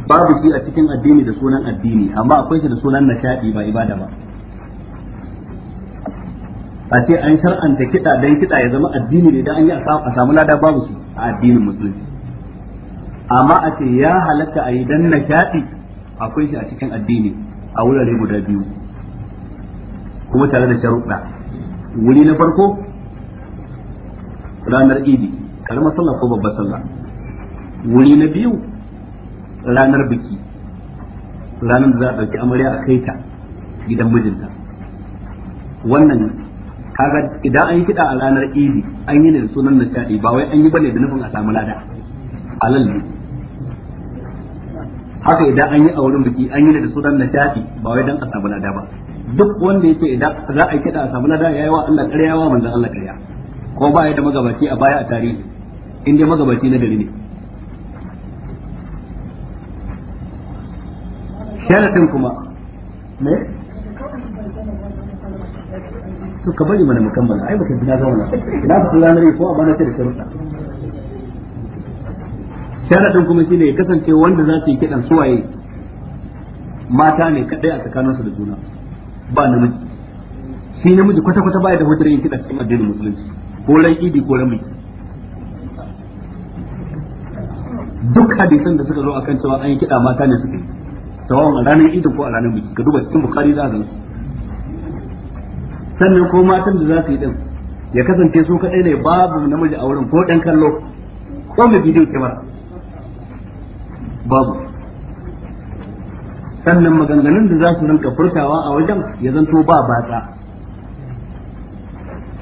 babu shi a cikin addini da sunan addini amma akwai shi da sunan nishaɗi ba ibada ba a ce an shar'anta kiɗa don kiɗa ya zama addini ne don an yi a samu lada babu shi a addinin musulunci amma a ce ya halatta a yi don nishaɗi akwai shi a cikin addini a wurare guda biyu kuma tare da sharuɗa wuri na farko ranar idi karamar sallah ko babbar sallah wuri na biyu ranar biki ranar da za a ɗauki amarya a kai ta gidan mijinta wannan kaga idan an yi kiɗa a ranar idi an yi ne da sunan nishaɗi ba wai an yi bane da nufin a samu lada a ne haka idan an yi a wurin biki an yi ne da sunan nishaɗi ba wai dan a samu lada ba duk wanda yake idan za a yi kida a samu lada yayi wa Allah ƙarya yawa manzon Allah ƙarya ko ba ya da magabaci a baya a tarihi in dai magabaci na gari ne sharadin kuma ne to ka bari mana mukammala ai baka ji na zauna na fita ranar ko a bana ta da sharuɗa sharadin kuma shine ya kasance wanda za su yi kidan suwaye mata ne kadai a tsakaninsu da juna ba namiji shi namiji kwata kwata ya da hujjar yin kiɗa cikin addinin musulunci ko ran idi ko ran biki duk hadisan da suka zo akan cewa an yi kiɗa mata ne suke yi a ranar idi ko a ranar biki ka duba cikin bukari za a gan sannan ko matan da za su yi ɗin ya kasance su kaɗai ne babu namiji a wurin ko ɗan kallo ko mai bidiyo kyamara babu sannan maganganun da za su rinka furtawa a wajen ya zanto ba batsa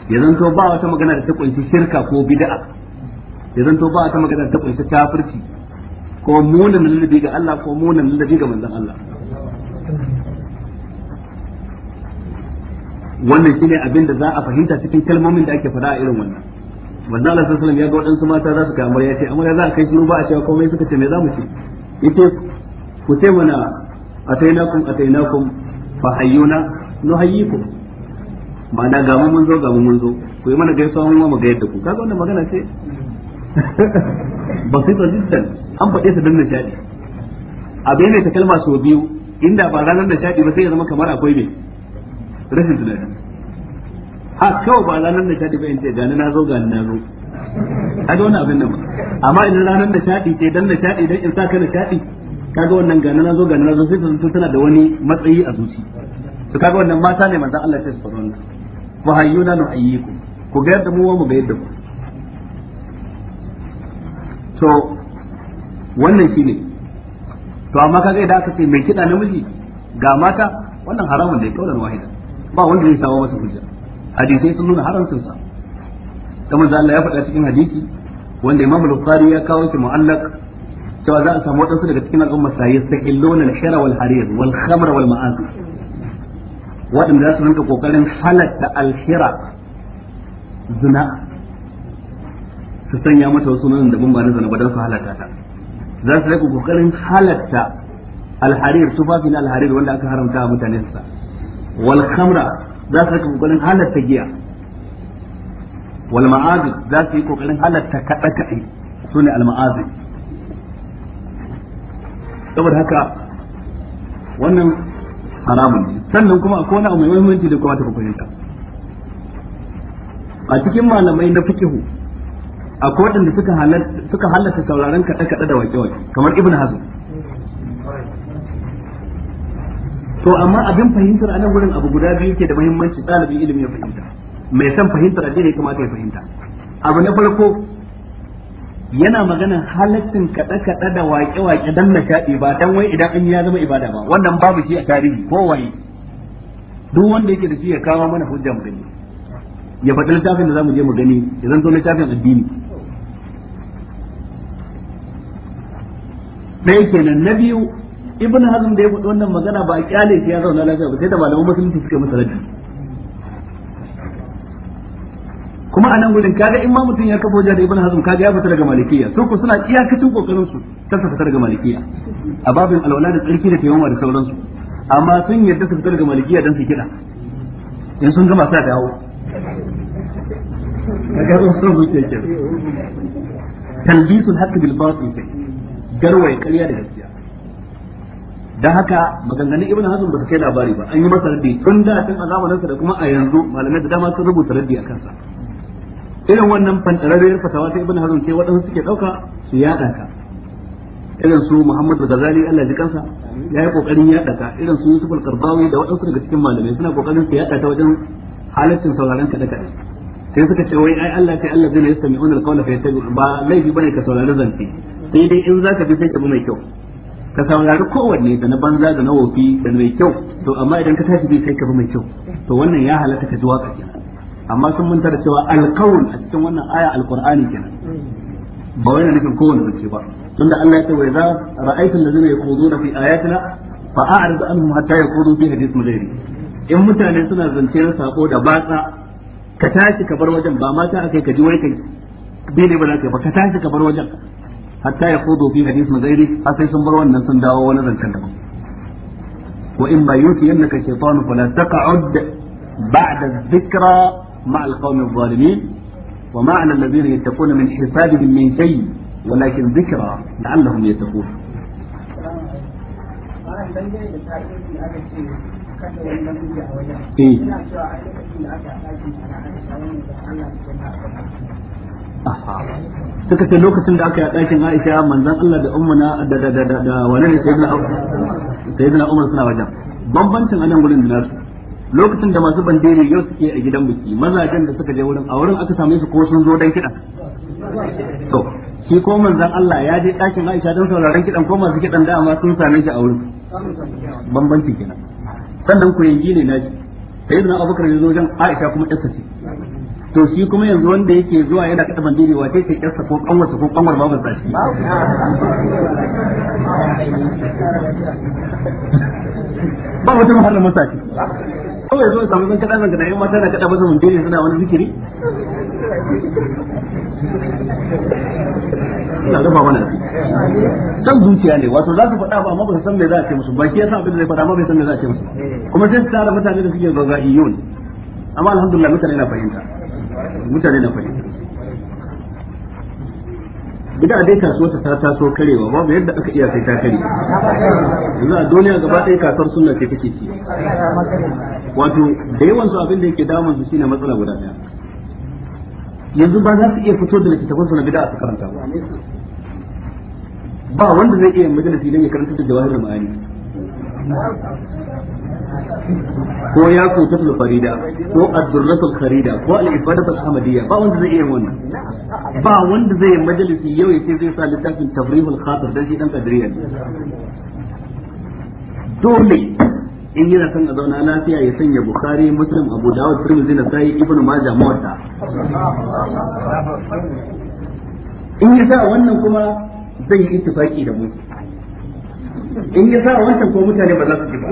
ya zanto ba wata magana da ta kunshi shirka ko bid'a ya zanto ba wata magana da ta kunshi kafirci ko munan ladabi ga Allah ko munan ladabi ga manzon Allah wannan shine abin da za a fahimta cikin kalmomin da ake faɗa a irin wannan manzo Allah sallallahu alaihi ya ga waɗansu mata za su kai amarya ce amarya za a kai shi ba a cewa komai suka ce me za mu ce yace ku ce mana atainakum atainakum fa hayyuna nuhayyikum ma'ana ga mu mun zo ga mun zo ku yi mana gaisuwa mun mu ga yadda ku kaga wannan magana ce basita jiddan an faɗe su dan nishadi a ne ta kalma so biyu inda ba ranar nishadi ba sai ya zama kamar akwai me rashin tunani ha kawai ba ranar nishadi ba in ce gani na zo gani na zo kaga wannan abin nan amma idan ranar nishadi ce dan nishadi dan in sa na nishadi kaga wannan gana na zo gana na zo sai ta tana da wani matsayi a zuci to kaga wannan mata ne manzon Allah ya ce su wannan wa hayyuna nu ayyikum ku ga yadda mu wa mu ga yadda ku to wannan shine to amma kaga idan aka ce mai kida namiji ga mata wannan haramun da ya kaulan wahida ba wanda zai samu masa hujja hadisai sun nuna haramun sa kamar da Allah ya faɗa cikin hadisi wanda Imam Bukhari ya kawo shi mu'allaq cewa za a samu waɗansu daga cikin al'ummar sa yastaqilluna al-hira wal harir wal khamr wal ma'asi waɗanda za su rinka kokarin halatta al zina su sanya mata wasu nan da ban ba na zina ba don su halatta ta za su rinka kokarin halatta al-harir tufafin al-harir wanda aka haramta a mutanen sa wal khamra za su rinka kokarin halatta giya wal ma'azi za su yi kokarin halatta kaɗe-kaɗe su ne al-ma'azi saboda haka wannan haramun sannan kuma akwai wani mai muhimmanci da kuma ta fahimta a cikin malamai na fikihu akwai waɗanda suka halatta suka halatta sauraron kaɗe kaɗe da wake wake kamar ibn hazm to amma abin fahimtar a nan gurin abu guda biyu ke da muhimmanci ɗalibin ilimi ya fahimta mai san fahimtar addini ya kamata ya fahimta abu na farko yana magana halaccin kaɗe-kaɗe da waƙe-waƙe don nishaɗi ba don wai idan an ya zama ibada ba wannan babu shi a tarihi ko waye duk wanda yake da shi ya kawo mana hujja mu gani ya faɗi littafin da za mu je mu gani idan zo littafin addini ɗaya kenan na biyu ibn hazm da ya faɗi wannan magana ba a kyale shi ya zauna lafiya ba sai da malaman musulunci suka masa raddi kuma a nan gudun kaga in ma mutum ya kafa wajen da ibn hazm kaga ya fita daga malikiya su ku suna iyakacin kokarin su ta fita daga malikiya a babin alwala da tsarki da tayammuma da sauransu amma sun yarda su fita daga malikiya dan su kida in sun gama sa dawo kaga sun sun zuke ke talbisul haqq bil batil kai garwaye ƙarya da gaskiya dan haka maganganun ibn hazm ba su kai labari ba an yi masa raddi tun da tun a zamaninsa da kuma a yanzu malamai da dama sun rubuta raddi akan kansa irin wannan fantararriyar fasawa ta ibn hazm ce waɗansu suke ɗauka su yaɗa ka irin su muhammad ghazali Allah ji kansa ya yi ƙoƙarin yaɗa ka irin su yusuf al-qardawi da waɗansu daga cikin malamai suna ƙoƙarin su yaɗa ta wajen halaccin sauraron kaɗe kaɗe sai suka ce wai ai Allah kai Allah zai yasta mi'un al-qawla fa yattabi ba laifi bane ka saurari zance sai dai in zaka bi sai ka bi mai kyau ka saurari kowanne da na banza da na wofi da mai kyau to amma idan ka tashi bi sai ka bi mai kyau to wannan ya halatta ka ji waka amma sun manta da cewa alkaun a cikin wannan aya alqur'ani kenan ba wai nufin kowanne zance ba tunda Allah ya ce wa idza ra'aita allazina yaquduna fi ayatina fa a'rid anhum hatta yaqudu fi hadith ghairi in mutane suna zance na sako da batsa ka tashi ka bar wajen ba mata akai ka ji wai kai bi ne ba za ka ba ka tashi ka bar wajen hatta yaqudu fi hadith ghairi har sai sun bar wannan sun dawo wani zancen daban wa in ma yutiyannaka shaytanu fala taq'ud ba'da dhikra مع القوم الظالمين ومعنى الذين يتقون من حسابهم من شيء ولكن ذكرى لعلهم يتقون suka ce lokacin da aka yi a ɗakin Aisha manzan Allah da ummana da da da da wani ne sai na Umar suna wajen bambancin anan gurin da nasu lokacin da masu bandere yau suke a gidan biki mazajen da suka je wurin a wurin aka same su ko sun zo dan kiɗan to shi ko manzon Allah ya je ɗakin Aisha dan sauraron kiɗan ko masu kiɗan da amma sun same shi a wurin bambanci kenan sannan ku yi ne na shi sayyidina Abubakar ya zo wajen Aisha kuma ƴarsa ce to shi kuma yanzu wanda yake zuwa yana kada bandere wace ce ƴarsa ko kanwarsa ko kanwar babu sa ba wata muharrar masa kawai zo samu zan kaɗa zanga da yan mata na kada masa mun dole suna wani zikiri ina rufa mana san zuciya ne wato za su faɗa ba amma ba su san me za a ce musu ba, ya san abin da zai faɗa amma bai san me za a ce musu kuma sai su tara mutane da suke gaga iyon. amma alhamdulillah mutane na fahimta mutane na fahimta bid'a dai kasuwar ta taso karewa babu yadda aka iya sai ta kare yanzu a duniya gaba ɗaya kasar sunna ce take ci wato da yawan su abin da yake damun su shine matsala guda ɗaya yanzu ba za su iya fito da littattafan su na bid'a su karanta ba ba wanda zai iya majalisi don ya karanta da jawahirul ma'ani ko ya ku tafi farida ko ad farida ko al-ifadatul hamadiyya ba wanda zai iya wannan ba wanda zai majalisi yau ce zai sa littafin tafrihul khatir dan shi dan kadriya dole in yana san a zauna lafiya ya sanya bukhari muslim abu dawud tirmidhi da sai ibn majah mawta in ya sa wannan kuma zai yi ittifaki da mu in ya sa wancan ko mutane ba za su ji ba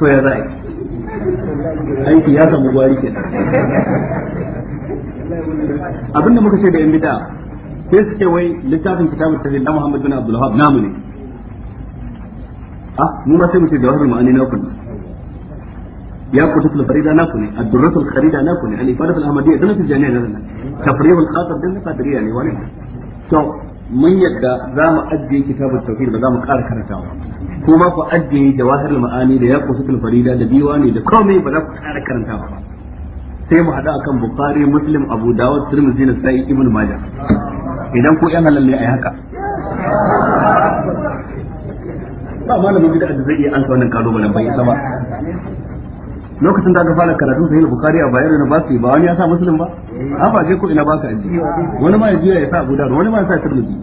to ya za'a aiki ya samu gwari ke abin da muka ce da yan bida sai suke wai littafin kitabun tafsir na Muhammad bin Abdul namu ne ah mu ma sai mu ce jawahir ma'ani na kunna ya da farida na kunne ad kharida na kunne al ahmadiyya dan nan ne wani to mun yadda za mu ajiye kitabun tauhid ba za mu ƙara karantawa ko ku ajiye jawahir ma'ani da ya kusutul farida da ne da komai ba za ku ƙara karantawa ba sai mu haɗu akan bukhari muslim abu dawud tirmidhi na sa'i ibn majah idan ku yan halal ne ai haka ba malamin gida da zai iya ansa wannan kalubalen bai isa ba lokacin da aka fara karatun sahih bukhari a bayar na basu ba wani ya sa muslim ba eh. a ba je ko ina baka aji eh. wani ma ya je ya sa abu da wani ma ya sa tirmidhi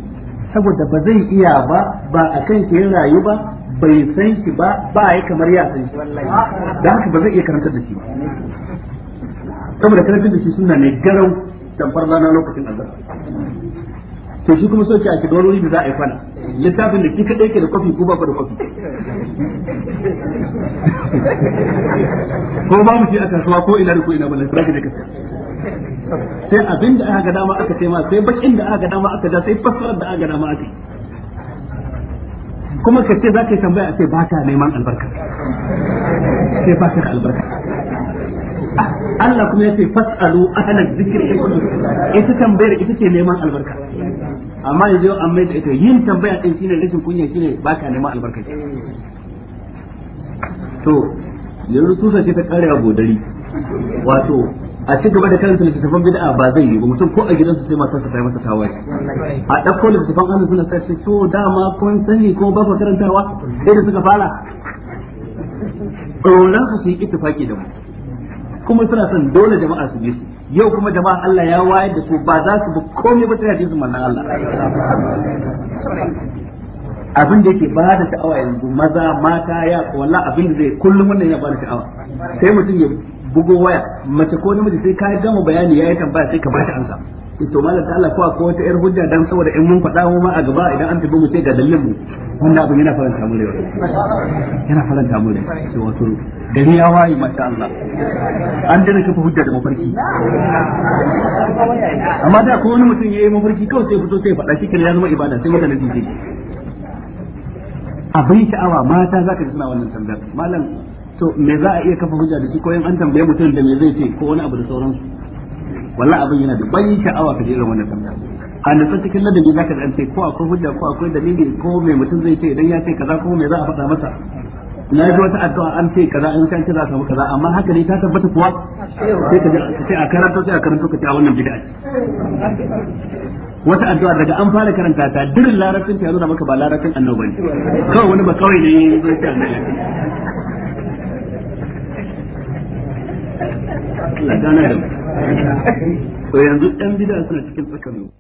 saboda ba zai iya ba ba a kan ke rayu ba bai san shi ba ba ya kamar ya san shi da haka ba zai iya karantar da shi ba saboda karantar da shi suna ne garau tamfar rana lokacin azhar to shi kuma ki a dole da za a yi fana littafin da ki kadai da kofi ko ba ku da kofi ko ba mu shi a kasuwa ko ina da ko ina ballan da ka sai abin da aka ga dama aka ce ma sai bakin da aka ga dama aka ja sai fassarar da aka ga dama aka yi kuma ka ce za ka yi tambaya a ce ba ta neman albarka sai ba ta albarka Allah kuma ya ce fasalu ahlan zikri ita tambayar ita ce neman albarka amma yanzu an mai da ita yin tambaya din shine rashin kunya shine ba ka neman albarka to yanzu tusa ce ta karewa godari wato a ci gaba da karanta littattafan bid'a ba zai yi ba mutum ko a gidansu sai masu sa ta yi masa tawaye a dauko littattafan annabi suna sai to dama kun sani ko ba ku karantawa sai da suka fara tsoron su yi ittifaki da mu kuma suna son dole jama'a su bi su yau kuma jama'a Allah ya wayar da su ba za su bi komai ba sai hadisin manzon Allah abin da yake ba da sha'awa yanzu maza mata ya wallahi abin da zai kullum wannan ya ba da sha'awa sai mutum ya bugo waya mace ko namiji sai ka gama bayani yayi tambaya sai ka ba shi ansa to malam ta Allah ko wata yar hujja dan saboda in mun faɗa mu ma a gaba idan an tafi mu ce ga dalilin mu wannan abin yana faranta mu rai yana faranta mu rai to wato gari ya wayi masha Allah an dana kafa hujja da mafarki amma da ko wani mutum yayi mafarki kawai sai fito sai faɗa shi ya zama ibada sai mutane su ji abin sha'awa mata zaka ji suna wannan tambayar malam to me za a iya kafa hujja da shi ko in an tambaye mutum da me zai ce ko wani abu da sauransu wallahi abin yana da ban sha'awa ka jira wannan tambaya a nutsa cikin ladabi zaka da ce ko akwai hujja ko akwai dalili ko me mutum zai ce idan ya ce kaza ko me za a faɗa masa na ji wata addu'a an ce kaza an kan kaza samu kaza amma haka ne ta tabbata kuwa sai ka ce a karanta sai a karanto ka ce a wannan bid'a wata addu'a daga an fara karanta ta dirin larabcin ta nuna maka ba larabcin annabi ne kawai wani ba kawai ne zai ce Allah gana da mu yanzu ɗan bida suna cikin tsakanin